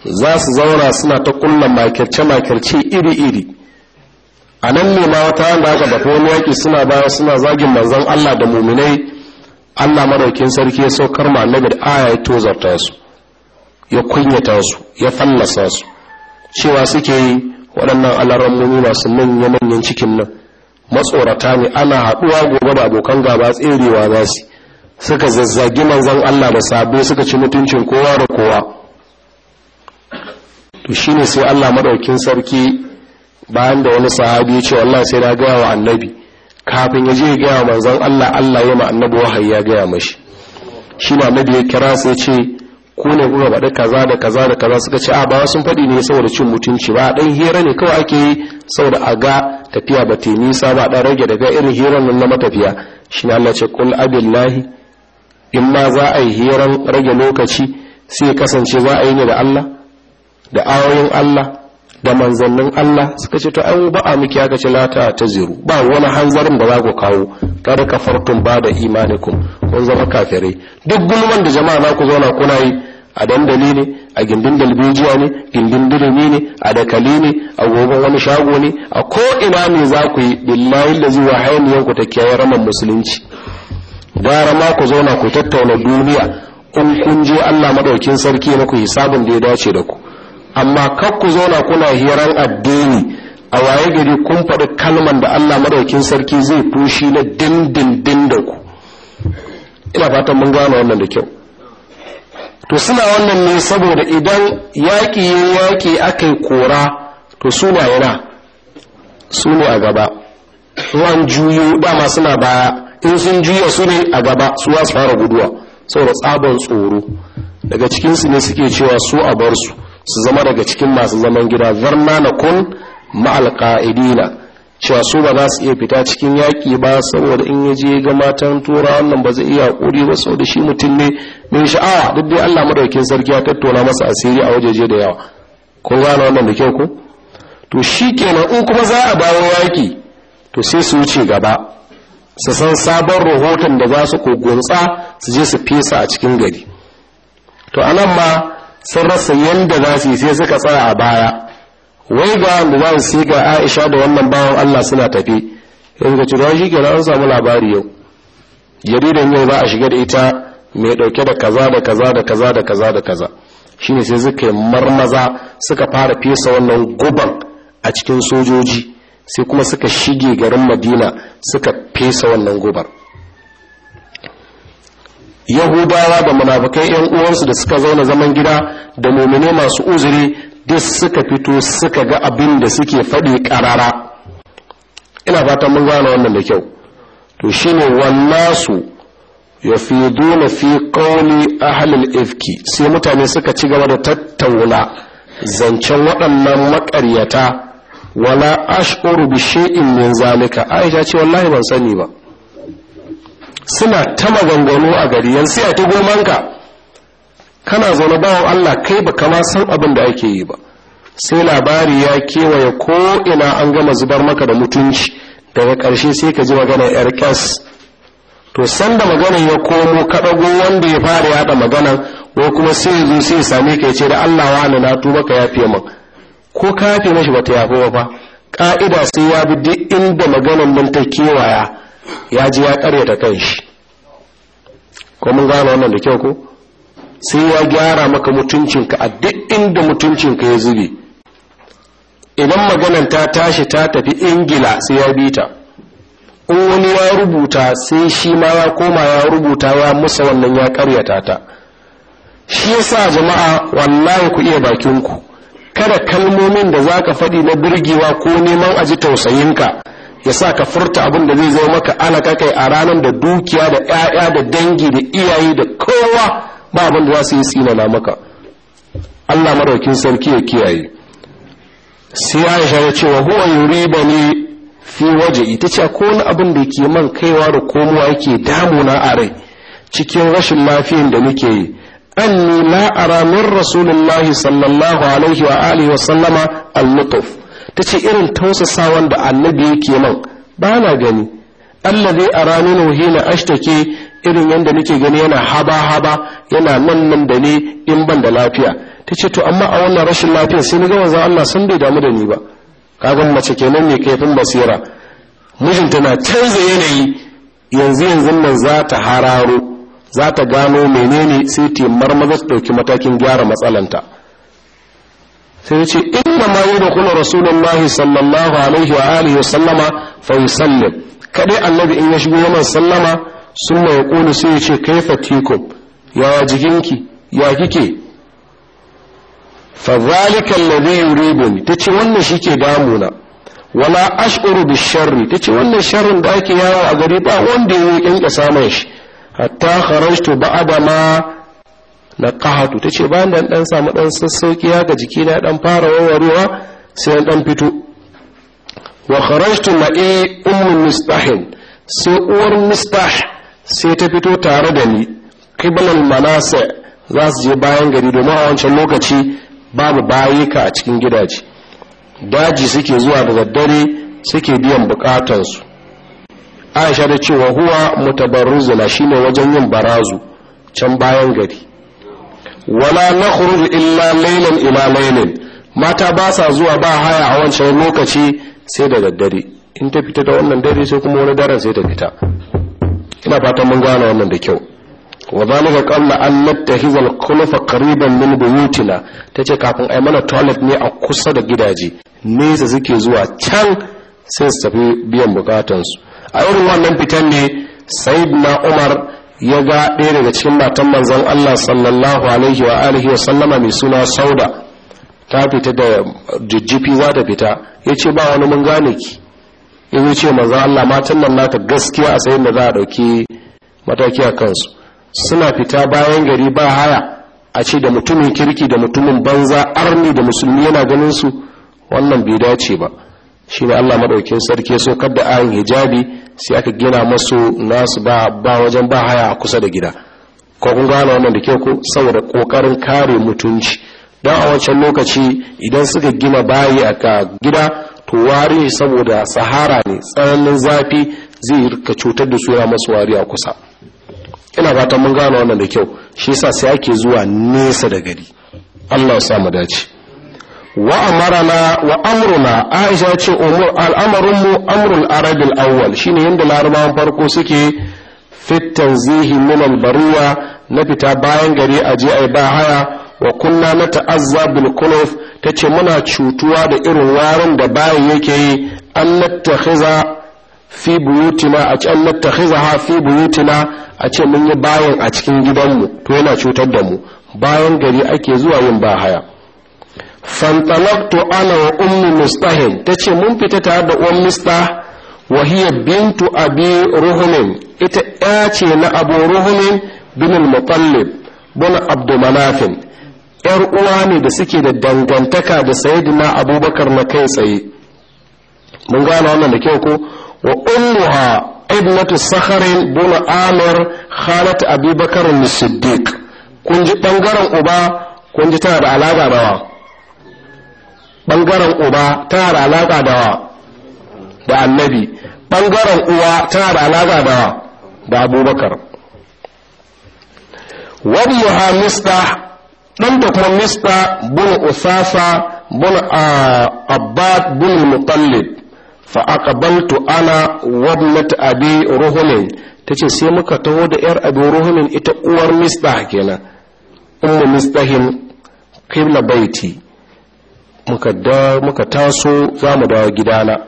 za su zauna suna ta kulla makirce-makirce iri-iri a nan ne ma wata da aka bafi wani yaƙi suna baya suna zagin manzon Allah da muminai Allah maraukin sarki ya saukar ma annabi da aya ya tozarta su ya kunyata su ya fallasa su cewa suke yi waɗannan alarammomi masu manya-manyan cikin nan matsorata ne ana haɗuwa gobe da abokan gaba tserewa za su suka zazzagi manzan Allah da sabo suka ci mutuncin kowa da kowa to shi ne sai Allah maɗaukin sarki bayan da wani sahabi ya ce wallah sai na gaya wa annabi kafin ya je gaya wa manzan Allah Allah ya ma annabi wahayi ya gaya mashi shi ne annabi ya kira sai ya ce ko ne kuka faɗi kaza da kaza da kaza suka ce a ba sun faɗi ne saboda cin mutunci ba ɗan hira ne kawai ake yi saboda a ga tafiya ba ta nisa ba ɗan rage daga irin hiran nan na matafiya shi Allah ce kul abillahi in ma za a yi hiran rage lokaci sai kasance za a yi ne da Allah da ayoyin Allah da manzannin Allah suka ce to ai ba a miki aka ce lata ta ziru ba wani hanzarin da za ku kawo kada ka fartun ba da imanikum kun zama kafirai duk gulman da jama'a za ku zauna kuna yi a dandali ne a gindin dalbijiya ne gindin dirimi ne a dakali ne a gobe wani shago ne a ko ina ne za ku yi billahi da zuwa hayaniyar ku ta kiyaye raman musulunci gara ma ku zauna ku tattauna duniya in kun je Allah madaukin sarki na ku hisabin da ya dace da ku amma kar ku zauna kuna hiran addini a waye gari kun faɗi kalman da Allah madaukin sarki zai fushi na dindindin da ku ina fatan mun gane wannan da kyau to suna wannan ne saboda idan yaƙi yaƙi aka yi kora to su yana su ne a gaba ruwan juyo dama suna baya in sun juya su ne a gaba su za fara guduwa saboda tsabon tsoro daga cikinsu ne suke cewa su a bar su su zama daga cikin masu zaman gida zarna na kun ma'alƙa'idina cewa su ba za su iya fita cikin yaƙi ba saboda in yaje ga matan tura wannan ba zai iya hakuri ba saboda shi mutum ne mai sha'awa duk dai Allah madaukakin sarki ya tattauna masa asiri a wajeje da yawa kun gane wannan da kyau ku. to shikenan in kuma za a dawo yaƙi to sai su wuce gaba su san sabon rahoton da za su kogonsa su je su fesa a cikin gari to anan ma sun rasa yanda za su yi sai suka tsaya a baya wai ga wanda za su yi ga aisha da wannan bawan allah suna tafi yanzu ka ciro shi kenan an samu labari yau jaridan yau za a shiga da ita mai dauke da kaza da kaza da kaza da kaza da kaza shine sai suka yi marmaza suka fara fesa wannan guban a cikin sojoji sai kuma suka shige garin madina suka fesa wannan gubar yahudawa da munafukai yan uwansu da suka zauna zaman gida da mumine masu uzuri duk suka fito suka ga abin da suke faɗi ƙarara ina fatan mun gane wannan da kyau to shine wannasu ya fi dole fi ƙauni a halin ifki sai mutane suka ci gaba da tattauna zancen waɗannan maƙaryata wala ash'uru bi min zalika aisha ce wallahi ban sani ba suna ta maganganu a gari yanzu a ta gomanka kana zaune bawan allah kai ba kama san abin da ake yi ba sai labari ya kewaye ko ina an gama zubar maka da mutunci daga ƙarshe sai ka ji maganar yar ƙas to da maganar ya komo kaɗago wanda ya fara yaɗa maganar ko kuma sai zo sai same ka ce da allah wani na tuba ka yafe min ko ka yafe mashi bata yafe ba fa ƙa'ida sai ya bi duk inda maganar nan ta kewaya ya ji ya karyata kanshi ko mun gano wannan da kyau ko sai ya gyara maka mutuncinka a duk inda mutuncinka ya zube idan maganan ta tashi ta tafi ingila sai ya bi ta in wani ya rubuta sai shi ma ya koma ya rubuta ya musa wannan ya karyata ta shi yasa jama'a wallahi ku iya bakinku kada kalmomin da zaka faɗi na birgewa ko neman aji tausayinka ya sa ka furta abin da zai zama maka alaka kai a ranar da dukiya da 'ya'ya da dangi da iyaye da kowa ba abin da za su yi sinana maka allah maraukin sarki ya kiyaye sai aisha ya ce wa huwa ba ne fi waje ita ce ko wani abin da ke man kaiwa da komowa yake damuna a rai cikin rashin lafiyan da nake yi anni a ranar min rasulillahi sallallahu alaihi wa alihi wa sallama al-lutuf ta ce irin tausasawan da annabi yake man ba na gani allah zai a ranar na ashtake irin yadda nake gani yana haba haba yana nan nan da ne in ban da lafiya ta ce to amma a wannan rashin lafiya sai na ga wanzan allah sun bai damu da ni ba kagan mace kenan mai kaifin basira mijinta na canza yanayi yanzu yanzu nan za ta hararo za ta gano menene sai ta marmaza ta ɗauki matakin gyara matsalanta sai ya ce inda ma yi da kula rasulullahi sallallahu alaihi wa alihi sallama fa yusallim kadai annabi in ya shigo yana sallama sun ya kulu sai ya ce kai tikum ya jikinki ya kike fa zalika alladhi yuriduni tace wannan shike damuna wala ash'uru bi sharri tace wannan sharrin da ake yawo a gari ba wanda ya yi kasa mai shi hatta kharajtu ba'da ma na ƙahatu ta ce bayan da ɗan samu ɗan sassauki ya ga jiki na ɗan fara warwarewa sai ɗan fito wa kharajtu e ummu mistahin sai uwar mistah sai ta fito tare da ni qiblan manasa za su je bayan gari domin a wancan lokaci babu bayika a cikin gidaje daji suke zuwa da daddare suke biyan bukatansu aisha da cewa huwa mutabarruzula shine wajen yin barazu can bayan gari wala nakhruj illa lailan ila lailan mata ba sa zuwa ba haya a wancan lokaci sai da daddare in ta fita da wannan dare sai kuma wani daren sai ta fita ina fatan mun gane wannan da kyau wa zalika qalla an nattahiza al-khulafa qariban min buyutina tace kafin ai mana toilet ne a kusa da gidaje nesa suke zuwa can sai su tafi biyan bukatansu a irin wannan fitan ne sayyidina umar ya ga ɗaya daga cikin matan manzan Allah sallallahu alaihi wa alihi wa sallama mai suna sauda ta fita da jijjifi za ta fita ya ce ba wani mun gane ki ya ce manzan Allah matan nan naka gaskiya a sayin da za a ɗauki mataki a kansu suna fita bayan gari ba haya a ce da mutumin kirki da mutumin banza arni da musulmi yana ganin su wannan bai dace ba shi ne allah maɗaukin sarki so kadda ayin hijabi sai aka gina masu nasu ba ba wajen ba haya a kusa da gida ko kun gane wannan da kyau ko saboda ƙoƙarin kare mutunci don a wancan lokaci idan suka gina bayi a gida to wari saboda sahara ne tsananin zafi zai rika cutar da suna masu wari a kusa ina fatan mun gane wannan da kyau shi yasa sai ake zuwa nesa da gari Allah ya sa mu dace wa amarana wa amruna aisha ce umur al'amarin mu amrul arabil awwal shine yanda larabawan farko suke fit tanzihi min al bariya na fita bayan gari a je ai ba haya wa kunna na ta'azza bil kuluf tace muna cutuwa da irin warin da bayan yake yi an nattakhiza fi buyutina a ce an ha fi buyutina a ce mun yi bayan a cikin gidanmu to yana cutar da mu bayan gari ake zuwa yin ba haya fantalaktu ana wa ummi mustahil ta ce mun fita tare da uwan mista wa hiya bintu abi ruhumin ita ya ce na abu ruhumin bin al-muqallib bin abdumanafin yar uwa ne da suke da dangantaka da sayyidina abubakar na kai tsaye mun gane wannan da kyau ko wa ummuha ibnatu sakharin bin amir khalat abubakar as-siddiq kun ji bangaren uba kun ji tana da alaka da wa ɓangaren uba tana da alaƙa da da annabi ɓangaren uwa tana da alaƙa da da abubakar wabuha mista ɗan da kuma mista bin usasa bin ah, abbad bin mutallib fa aqbaltu ana wabnat abi ruhumin tace sai muka taho da yar abi ruhunin ita uwar mista kenan ummu mistahin qibla baiti muka taso za mu dawo gidana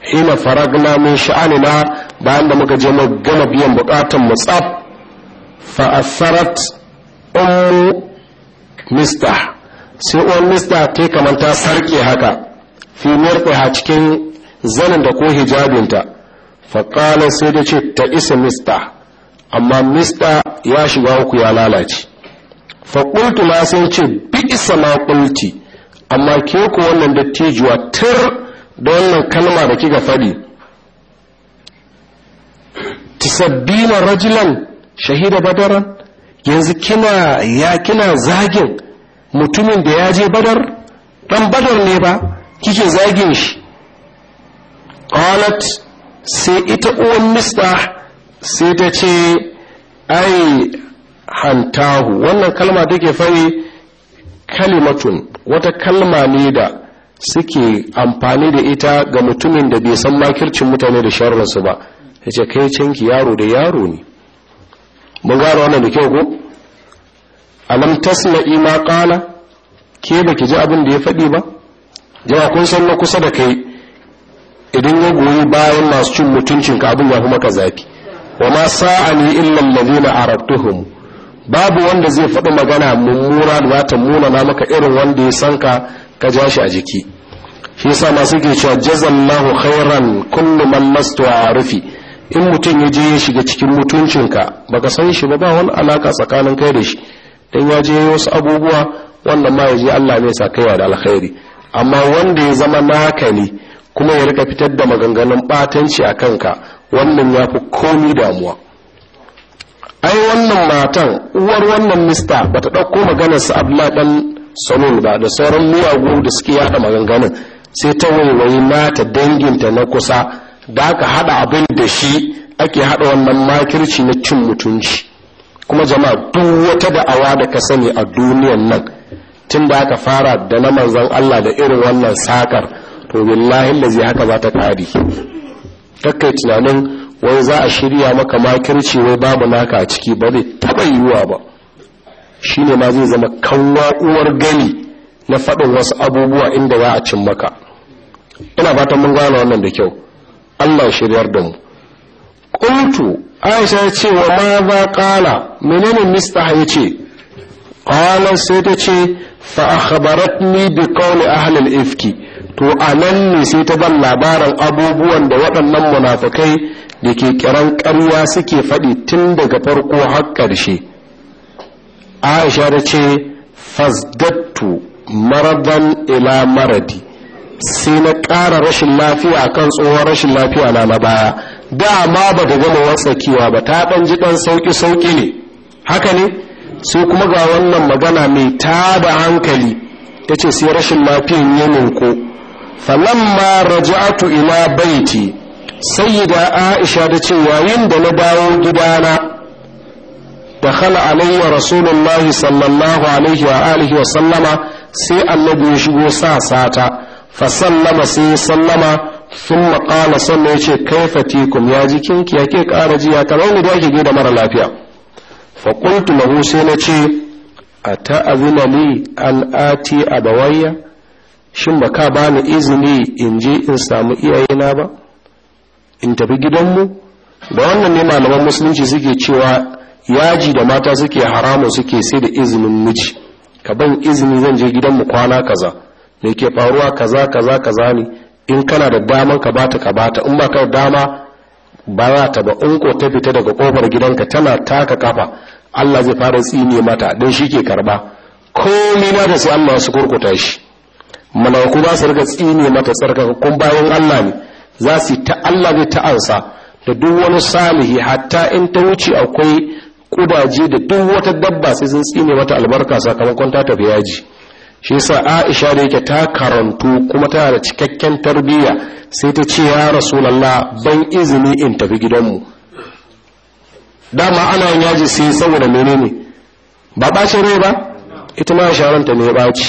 hina faragna min sha'anina bayan da muka je mu gama biyan bukatun mu tsaf fa asarat ummu mista sai uwan mista ta kamar ta sarke haka fi ha cikin zanin da ko hijabinta faƙala sai da ce ta isa mista amma mista ya shiga uku ya lalace faƙultu ma sai ce bi isa ma ƙulti amma ke ku wannan dattijuwa tir da wannan kalma da kika faɗi tisabbina rajulan shahida badaran yanzu kina ya kina zagin mutumin da ya je badar dan badar ne ba kike zagin shi qalat sai ita uwan mista sai ta ce ai hantahu wannan kalma take fari kalimatun wata kalma ne da suke amfani da ita ga mutumin da bai san makircin mutane da sharransu ba ya ce kai canki yaro da yaro ne mun gano wannan da kyau ko alam tasna ma qala ke baki ji abin da ya faɗi ba jama kun san na kusa da kai idan ya goyi bayan masu cin mutuncinka abin ya fi maka zafi wa ma sa'ani illa alladhina arabtuhum babu wanda zai faɗi magana mummuna da za ta na maka irin wanda ya san ka ka ja shi a jiki shi yasa masu ke cewa jazallahu khairan kullu man a rufi in mutum ya je ya shiga cikin mutuncinka baka san shi ba ba wani alaka tsakanin kai da shi dan ya je wasu abubuwa wannan ma ya je Allah ne sa kai da alkhairi amma wanda ya zama naka ne kuma ya rika fitar da maganganun batanci a kanka wannan ya fi komi damuwa ai wannan matan uwar wannan mista bata ɗauko maganar sa abla ɗan salon ba da sauran miyagu da suke yada maganganun sai ta waiwayi mata danginta na kusa da aka haɗa abin da shi ake haɗa wannan makirci na cin mutunci kuma jama'a duk wata da'awa da ka sani a duniyan nan tun da aka fara da na manzon Allah da irin wannan sakar to billahi lazi haka za ta kare kakkai tunanin wai za a shirya maka makirci wai babu naka a ciki ba zai taɓa yiwuwa ba shi ne ma zai zama kanwa uwar gani na faɗin wasu abubuwa inda za a cin maka ina fatan mun gane wannan da kyau allah shiryar da mu ƙuntu aisha ya ce wa ma za ƙala menene mista ya ce ƙalar sai ta ce fa ni bi qawli ahli ifki to anan ne sai ta ban labarin abubuwan da waɗannan munafikai da ke kiran ƙarya suke faɗi tun daga farko har ƙarshe aisha da ce fasdattu maradan ila maradi sai na ƙara rashin lafiya akan tsohon rashin lafiya na na baya dama ba da gama watsakewa ba ta ɗan ji ɗan sauƙi-sauƙi ne haka ne sai kuma ga wannan magana mai tada hankali ta ce sai rashin lafiyan ya ko falamma raja'atu ila baiti sayyida aisha da cewa yin da na dawo gidana da khala alayya rasulullah sallallahu alaihi wa alihi wa sallama sai annabi ya shigo sa sata fa sallama sai sallama sun maƙala sannan ya ce kai fatikum ya jikinki ya ke ƙara ji ya kamar guda ke da mara lafiya fa qultu lahu sai na ce a ta'azina li an ati abawayya shin ba ka bani izini in je in samu iyayena ba in tafi gidanmu da wannan ne malaman musulunci suke cewa yaji da mata suke haramu suke sai da izinin miji ka ban izini zan je gidanmu kwana kaza da ke faruwa kaza kaza kaza ne in kana da daman ka bata ka bata in ba dama ba za ta ba in ta fita daga kofar gidanka tana taka kafa Allah zai fara tsine mata don shi ke karba komai ma da sai Allah su kurkuta shi malaku ba su rika tsine mata tsarkaka kun bayan Allah ne za su ta Allah ne ta ansa da duk wani salihi hatta in ta wuce akwai kudaje da duk wata dabba sai sun tsine mata albarka sakamakon ta tafi yaji shi yasa Aisha da yake ta karantu kuma tana da cikakken tarbiyya sai ta ce ya Rasulullah ban izini in tafi gidanmu dama ana yin yaji sai saboda menene ba bacin rai ba ita ma sharanta ne ya baci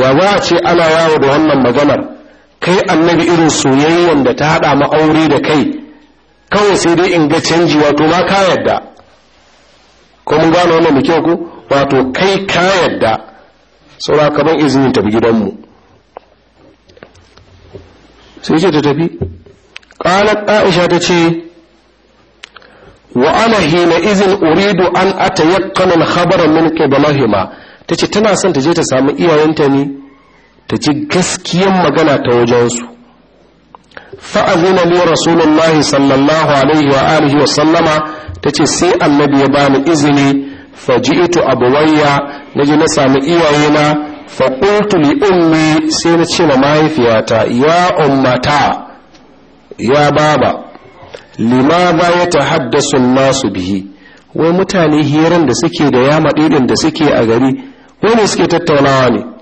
ya ba ce ana yawo da wannan maganar kai annabi irin soyayyen da ta haɗa ma aure da kai kawai sai dai in ga canji wato ma ka yadda ko mun gano wannan da kyau ko wato kai ka yadda saura ka ban izinin tafi gidanmu sai ce ta tafi qalat aisha ta ce wa ana hina izin uridu an atayakkana al-khabara min Ta tace tana son ta je ta samu iyayenta ne ta ci gaskiyan magana ta wajensu fa'azina ne rasulullahi sallallahu alaihi wa alihi wa sallama ta ce sai annabi ya bani izini fa faji'itu abuwayya na ji na sami iyayena faƙultu li ummi sai na ce na mahaifiyata ya ummata ya baba ba ya ta haddasa nasu bihi wai mutane hiran da suke da yama ɗin da suke a gari wani suke tattaunawa ne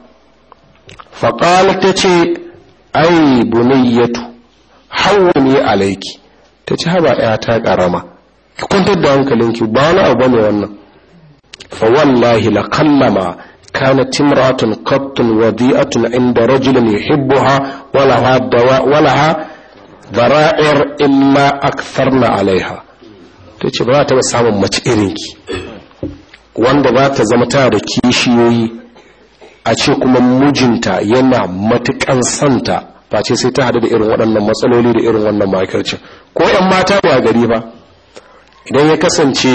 faƙala ta ce ai bunayyatu hawwani alaiki ta ci haba ya ta ƙarama ki kwantar da hankalinki ba wani a ne wannan fa wallahi la kallama كانت امرأة قط وضيئة عند رجل يحبها ولها دواء ولها ذرائر إلا أكثرنا عليها تيجي ba ta samun mace irinki wanda za ta zama ta da kishiyoyi a ce kuma mijinta yana matukan santa ba ce sai ta hadu da irin waɗannan matsaloli da irin wannan makarci ko 'yan mata ba gari ba idan ya kasance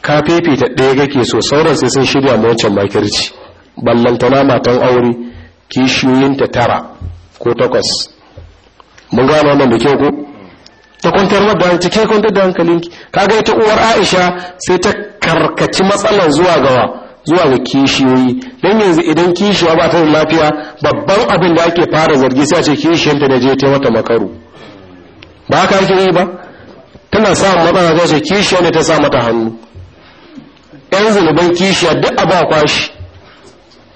ka fifita ɗaya ke so sauran sai sun shirya ma makarci ballantana matan aure kishiyoyinta tara ko takwas mun gano wannan da kyau ko ta kwantar da hankali ke kwantar da hankalinki kaga ita uwar aisha sai ta karkaci matsalar zuwa gawa zuwa ga kishiyoyi don yanzu idan kishiyo ba ta da lafiya babban abin da ake fara zargi sai a ce kishiyanta da je ta mata makaru ba ka ake yi ba tana sa matsala zai ce kishiya ne ta sa mata hannu yan zunuban kishiya duk a ba kwashi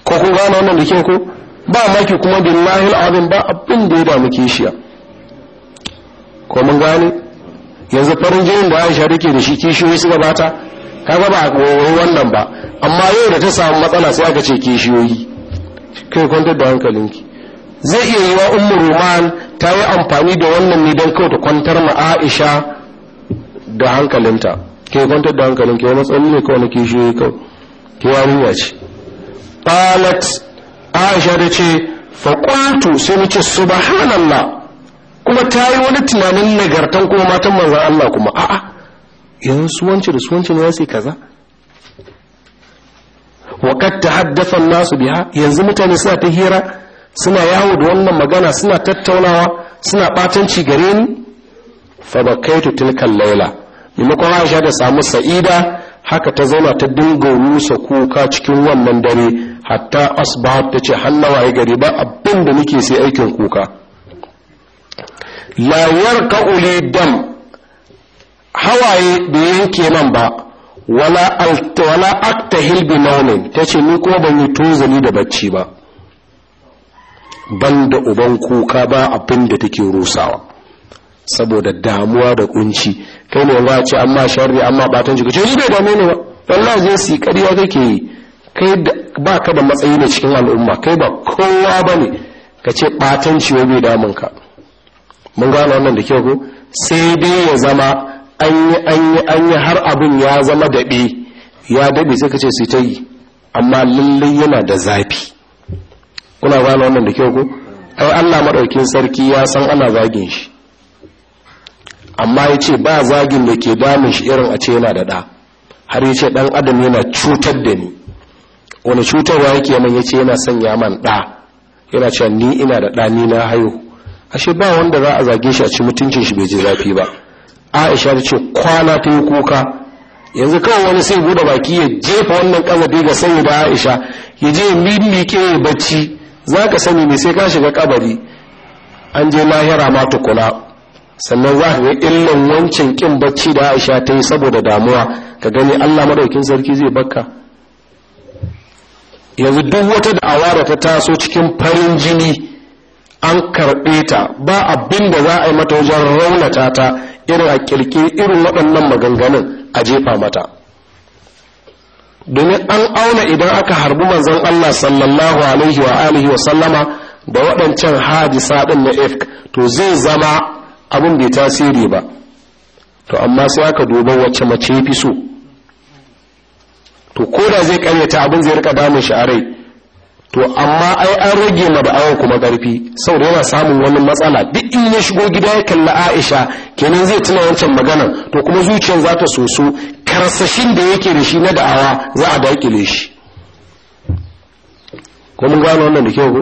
ko kun gane wannan da ke ko ba maki kuma lahil abin ba abin da ya damu kishiya ko mun gane yanzu farin jinin da Aisha take da shi kishiyoyi suka bata kaga ba a wannan ba amma yau da ta samu matsala sai aka ce kishiyoyi kai kwantar da hankalinki zai iya yi wa ummu roman ta yi amfani da wannan ne don kawai ta kwantar ma aisha da hankalinta kai kwantar da hankalinki wani matsayi ne kawai na kishiyoyi kawai ke yarinya ce qalat aisha da ce faƙultu sai mu ce subhanallah kuma ta yi wani tunanin nagartan kuma matan manzan Allah kuma a'a yanzu suwanci da suwanci ne ya sai kaza wa kad tahaddatha an-nasu biha yanzu mutane suna ta hira suna yawo da wannan magana suna tattaunawa suna batanci gare ni fa bakaitu tilkal laila maimakon Aisha da samu sa'ida haka ta zauna ta dinga rusa kuka cikin wannan dare hatta asbahat ce hallawa ai gari ba abinda da nake sai aikin kuka la yarka dam hawaye da yanke nan ba wala wala aktahil bi ta tace ni kuma ban yi tozali da bacci ba ban da uban kuka ba abin da take rusawa saboda damuwa da kunci kai ne ba ce amma sharri amma batan jiki ce bai dame ne ba wallahi zai si kariya kake yi kai ba ka da matsayi ne cikin al'umma kai ba kowa bane ka ce batanci wai bai damun ka mun gane wannan da kyau ko sai dai ya zama an yi an har abin ya zama daɓe ya daɓe sai ce su ta yi amma lallai yana da zafi kuna gane wannan da kyau ko ai allah maɗaukin sarki ya san ana zagin shi amma ya ce ba zagin da ke damun shi irin a ce yana da ɗa har ya ce ɗan adam yana cutar da ni wani cutarwa yake nan ya ce yana sanya man ɗa yana cewa ni ina da ɗa ni na hayo ashe ba wanda za a zage shi a ci mutuncin shi bai je zafi ba aisha ta ce kwana ta yi kuka yanzu kawai wani sai bude baki ya jefa wannan kabari ga sanyi da aisha ya je ya bacci za ka sani ne sai ka shiga kabari an je lahira ma tukula sannan za ka ga illan wancan kin bacci da aisha ta yi saboda damuwa ka gani allah madaukin sarki zai bakka yanzu duk wata da da ta taso cikin farin jini an karɓe ta ba abin da za a yi mata wajen raunata ta irin a kirki irin waɗannan maganganun a jefa mata domin an auna idan aka harbi manzon Allah sallallahu alaihi wa alihi wa sallama da waɗancan hadisa saɗin na ifk to zai zama abin bai tasiri ba to amma sai aka duba wacce mace fi so to ko da zai karyata abin zai rika damun sha'arai. to amma ai an rage ma da awon kuma ƙarfi saboda yana samun wani matsala duk in ya shigo gida ya kalla aisha kenan zai tuna wancan magana to kuma zuciyar za ta soso karsashin da yake da shi na da'awa za a dakile shi ko mun gano wannan da kyau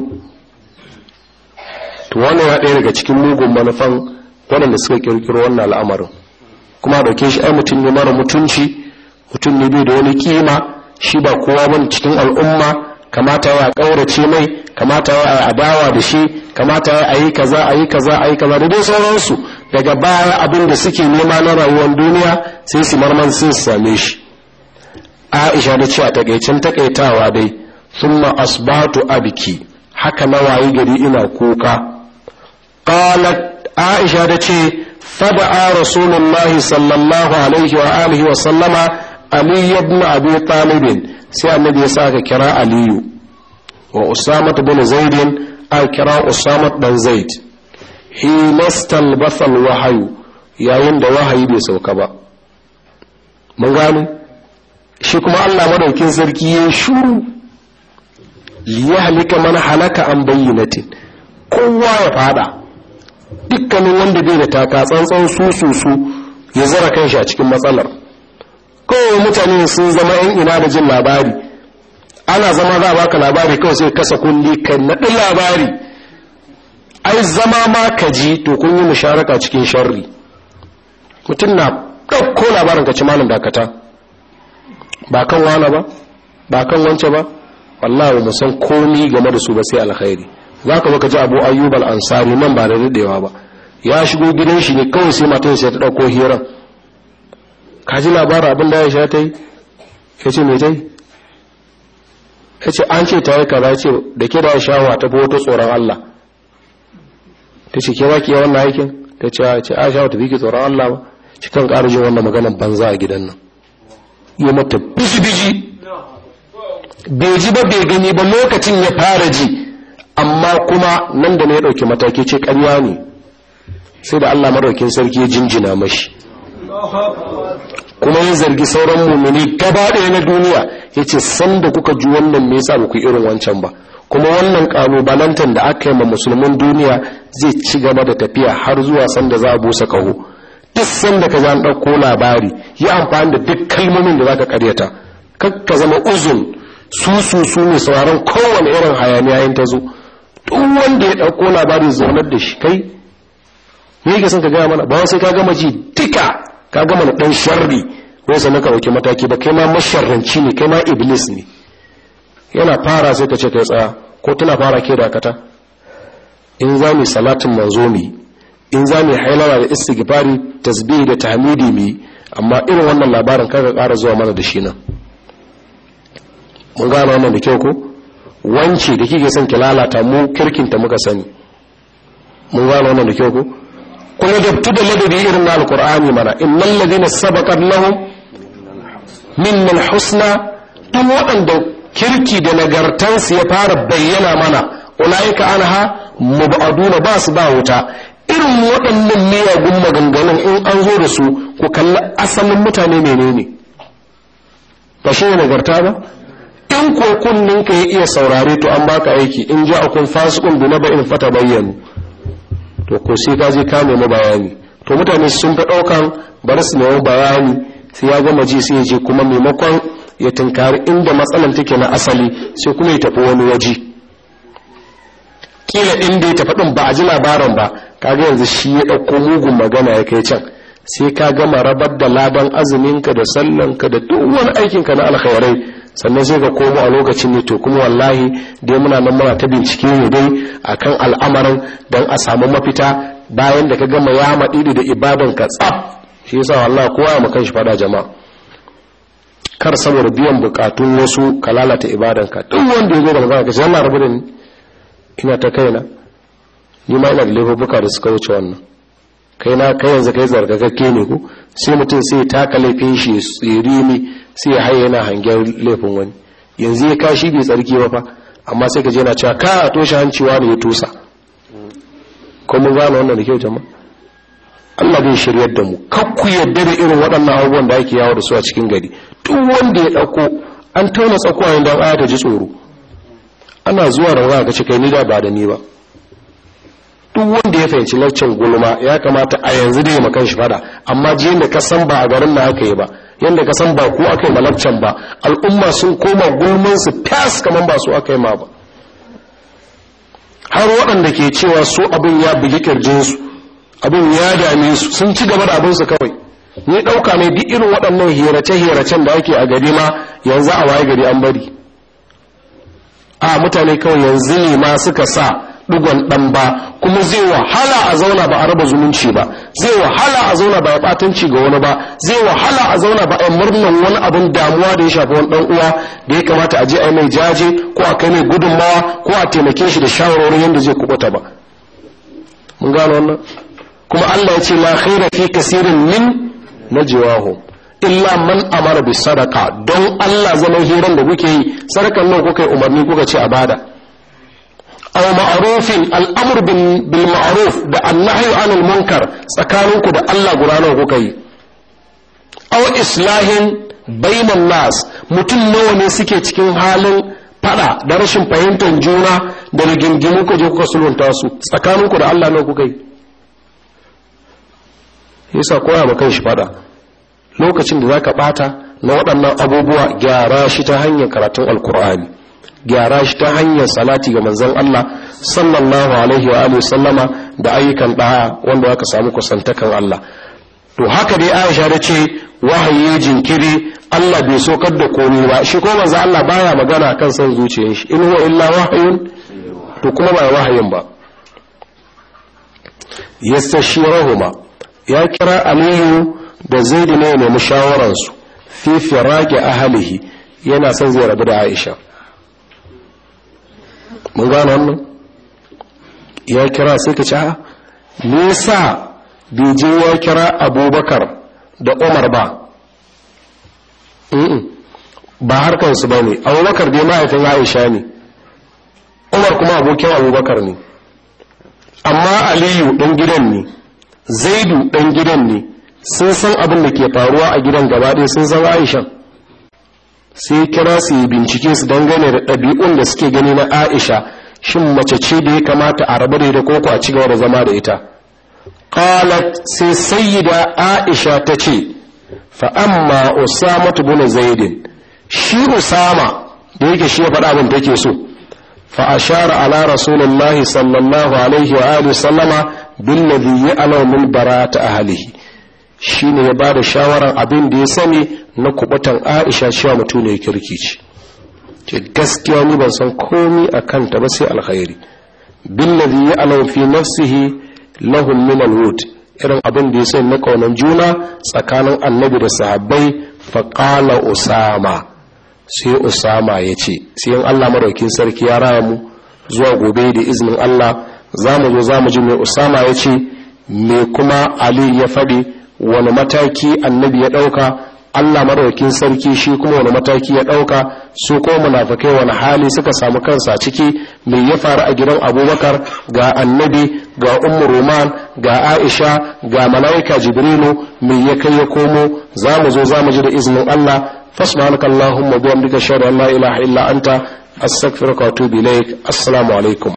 to wannan ya ɗaya daga cikin mugun manufan wannan da suka kirkiro wannan al'amarin kuma a dauke shi ai mutum ne mara mutunci mutum ne bai da wani kima shi ba kowa bane cikin al'umma kamata ya ƙaurace mai kamata ya adawa da shi kamata ya yi kaza a yi kaza a yi kaza da dai sauransu daga baya abin da suke nema na rayuwar duniya sai su marman sun same shi aisha da ce a takaicin takaitawa dai summa a biki haka na wayi gari ina kuka qalat aisha da ce fada'a rasulullahi sallallahu alaihi wa alihi wa sallama ali ibn abi talib sai annabi ya sa ka kira aliyu wa usama bin zaidin a kira usama dan zaid mastal basal wahayu yayin da wahayi bai sauka ba mun gano shi kuma allah madaukin sarki ya shuru liyahlika man halaka an bayyinatin kowa ya fada dukkanin wanda bai da taka tsantsan su su su ya zara shi a cikin matsalar kowai mutane sun zama yan ina da jin labari ana zama za a baka labari kawai sai kasa kundi ka naɗin labari ai zama ma ka ji to kun yi musharaka cikin sharri mutum na ɗauko labarin ka ci malam dakata ba kan wana ba ba kan wance ba wallahi mu san komi game da su ba sai alkhairi za ka baka ji abu ayyubal ansari nan ba da daɗewa ba ya shigo gidan shi ne kawai sai matan ya ta ɗauko hirar ka ji labarin abin da ya sha ta yi ya ce metai ya ce an ce ta yi kaza ce da ke da aisha wa ta fi wata tsoron allah ta ce kewa ke wannan aikin ta ce a ce aisha wata biki tsoron allah ba ci kan ƙara jin wannan maganar banza a gidan nan yi mata biji-biji bai ji ba bai gani ba lokacin ya fara ji amma kuma nan da na ya ɗauki mataki ce ƙarya ne sai da allah maraukin sarki ya jinjina mashi kuma ya zargi sauran mumini gaba ɗaya na duniya ya ce sanda kuka ji wannan me yasa ba ku irin wancan ba kuma wannan kalubalantar da aka yi ma musulmin duniya zai ci gaba da tafiya har zuwa sanda za a busa kaho duk sanda ka za ɗauko labari yi amfani da duk kalmomin da za ka karyata kar ka zama uzun su su su ne sauraron kowane irin hayaniya in ta zo duk wanda ya ɗauko labari zaunar da shi kai me ka san ka gaya mana ba sai ka gama ji duka ka gama da ɗan sharri ko sannan ka ɗauki mataki ba kai ma masharranci ne kai ma iblis ne yana fara sai ka ce kai tsaya ko tana fara ke dakata in za mu salatin manzo mu in za mu hailala da istighfari tasbihi da tahmidi mu amma irin wannan labarin ka ƙara zuwa mana da shi nan mun gane wannan da kyau ko wance da kike son ki lalata mu kirkinta muka sani mun gane wannan da kyau ko kuma dabtu da ladabi irin na alkur'ani mana innal ladina sabakar nahu min husna duk waɗanda kirki da nagartansu ya fara bayyana mana ulaika anha mubaduna ba su ba wuta irin waɗannan miyagun maganganun in an zo da su ku kalli asalin mutane menene ba shi nagarta ba in ko kunninka ya iya saurare to an baka aiki in ja akun fasikun bi na in fata bayyanu to ko sai ka je ka nemi bayani to mutane sun fi ɗaukan bar su nemi bayani sai ya gama ji sai ya je kuma maimakon ya tunkari inda matsalan take na asali sai kuma ya tafi wani waje kila inda ya tafi ɗin ba a ji labaran ba kaga yanzu shi ya ɗauko mugun magana ya kai can sai ka gama rabar da ladan azuminka da sallanka da duk wani aikinka na alkhairai sannan sai ga komo a lokacin ne to kuma wallahi dai muna nan muna ta bincike ne dai akan al'amarin don a samu mafita bayan da ka gama ya maɗiɗi da ibadan ka tsaf shi yasa wallahi kowa ya makan shi fada jama'a kar saboda biyan bukatun wasu ka lalata ibadan ka duk wanda ya zo da magana ka ce Allah rabu da ni ina ta kaina ni ma ina da laifuka da suka wuce wannan kai na kai yanzu kai zargagagge ne ko sai mutum sai taka laifin shi tsiri ne sai ya haye yana hangen laifin wani yanzu ya kashi bai tsarki ba fa amma sai ka je na cewa ka toshe hancewa ne ya tosa ko mun gane wannan da kyau jama'a Allah bai shiryar da mu kakku yadda da irin waɗannan abubuwan da ake yawo da su a cikin gari duk wanda ya ɗauko an tauna tsakuwa yadda aya ta ji tsoro ana zuwa da wani ga cikai ni da ba da ni ba duk wanda ya fahimci laccan gulma ya kamata a yanzu da ya makan shi fada amma jiyan da ka san ba a garin na aka yi ba yadda ka san ba ko aka yi malaccan ba al'umma sun koma gulman su fas kamar ba su aka yi ma ba har waɗanda ke cewa su abin ya bugi ƙirjinsu abin ya dame su sun ci gaba da abin su kawai ni ɗauka ne duk irin waɗannan hirace-hiracen da ake a gari ma yanzu a waye gari an bari a mutane kawai yanzu ne ma suka sa ɗigon ɗan ba kuma zai wahala a zauna ba a raba zumunci ba zai wahala a zauna ba a batanci ga wani ba zai wahala a zauna ba a murnan wani abin damuwa da ya shafi wani dan uwa da ya kamata a je a yi mai jaje ko a kai mai gudunmawa ko a taimake shi da shawarwari yadda zai kubuta ba mun gano wannan kuma Allah ya ce la khaira fi kasirin min najwahu illa man amara bi sadaka don Allah zaman hiran da kuke yi sadakan nan kuka yi umarni kuka ce a bada aw ma'rufin al'amr bil ma'ruf da annahyu anil munkar tsakaninku da Allah guda nawa kuka yi aw islahin bainan nas mutum nawa ne suke cikin halin faɗa da rashin fahimtar juna da rigingimu ku kuka sulunta su tsakaninku da Allah nawa kuka yi yasa koya ma kanshi fada lokacin da zaka bata na waɗannan abubuwa gyara shi ta hanyar karatun alkur'ani gyara shi ta hanyar salati ga manzon Allah sallallahu alaihi wa sallama da ayyukan ɗaya wanda aka samu kusantakan Allah to haka dai Aisha ta ce wahayi jinkiri Allah bai sokar da komai ba shi ko manzon Allah baya magana kan son zuciyar shi in huwa illa wahayun to kuma ba wahayin ba yastashirahuma ya kira Aliyu da Zaid ne ne mushawaransu fi firaqi ahlihi yana son zai rabu da Aisha mun gano wannan ya kira sai ka ci a nisa bai ya kira abubakar da umar ba ba harkarsu ba ne abubakar dai ma'aifin aisha ne umar kuma abokin abubakar ne amma aliyu ɗan gidan ne zaidu ɗan gidan ne sun san abin da ke faruwa a gidan gaba ɗaya sun san aishan sai kira su yi bincike su dangane da ɗabi'un da suke gani na aisha shin mace ce da ya kamata a rabu da ita ko a ci gaba da zama da ita qalat sai sayyida aisha ta ce fa amma usama ibn zaidin shi usama da yake shi ya faɗa abin take so fa ashara ala rasulullahi sallallahu alaihi wa alihi sallama billadhi ya'lamu min bara'ati ahlihi shi ne ya ba da shawarar abin da ya sani na kubutan aisha cewa mutum ne kirki ce ke gaskiya ni ban san komi a kanta ba sai alkhairi billazi ya alau fi nafsihi lahum min Wood, irin abin da ya sani na kaunan juna tsakanin annabi da sahabbai faƙala usama sai usama ya ce sai yin allah maraukin sarki ya raya mu zuwa gobe da iznin allah za mu zo za mu ji mai usama ya ce me kuma ali ya faɗi wani mataki annabi ya ɗauka Allah maraukin sarki shi kuma wani mataki ya ɗauka su ko munafikai wani hali suka samu kansa ciki mai ya faru a gidan abubakar ga annabi ga ummu roman ga aisha ga mala'ika jibrilu mai ya kai ya komo za mu zo za mu ji da izinin allah fasmanaka allahumma bihamdika shahadu an la ilaha illa anta astaghfiruka wa atubu ilaik assalamu alaikum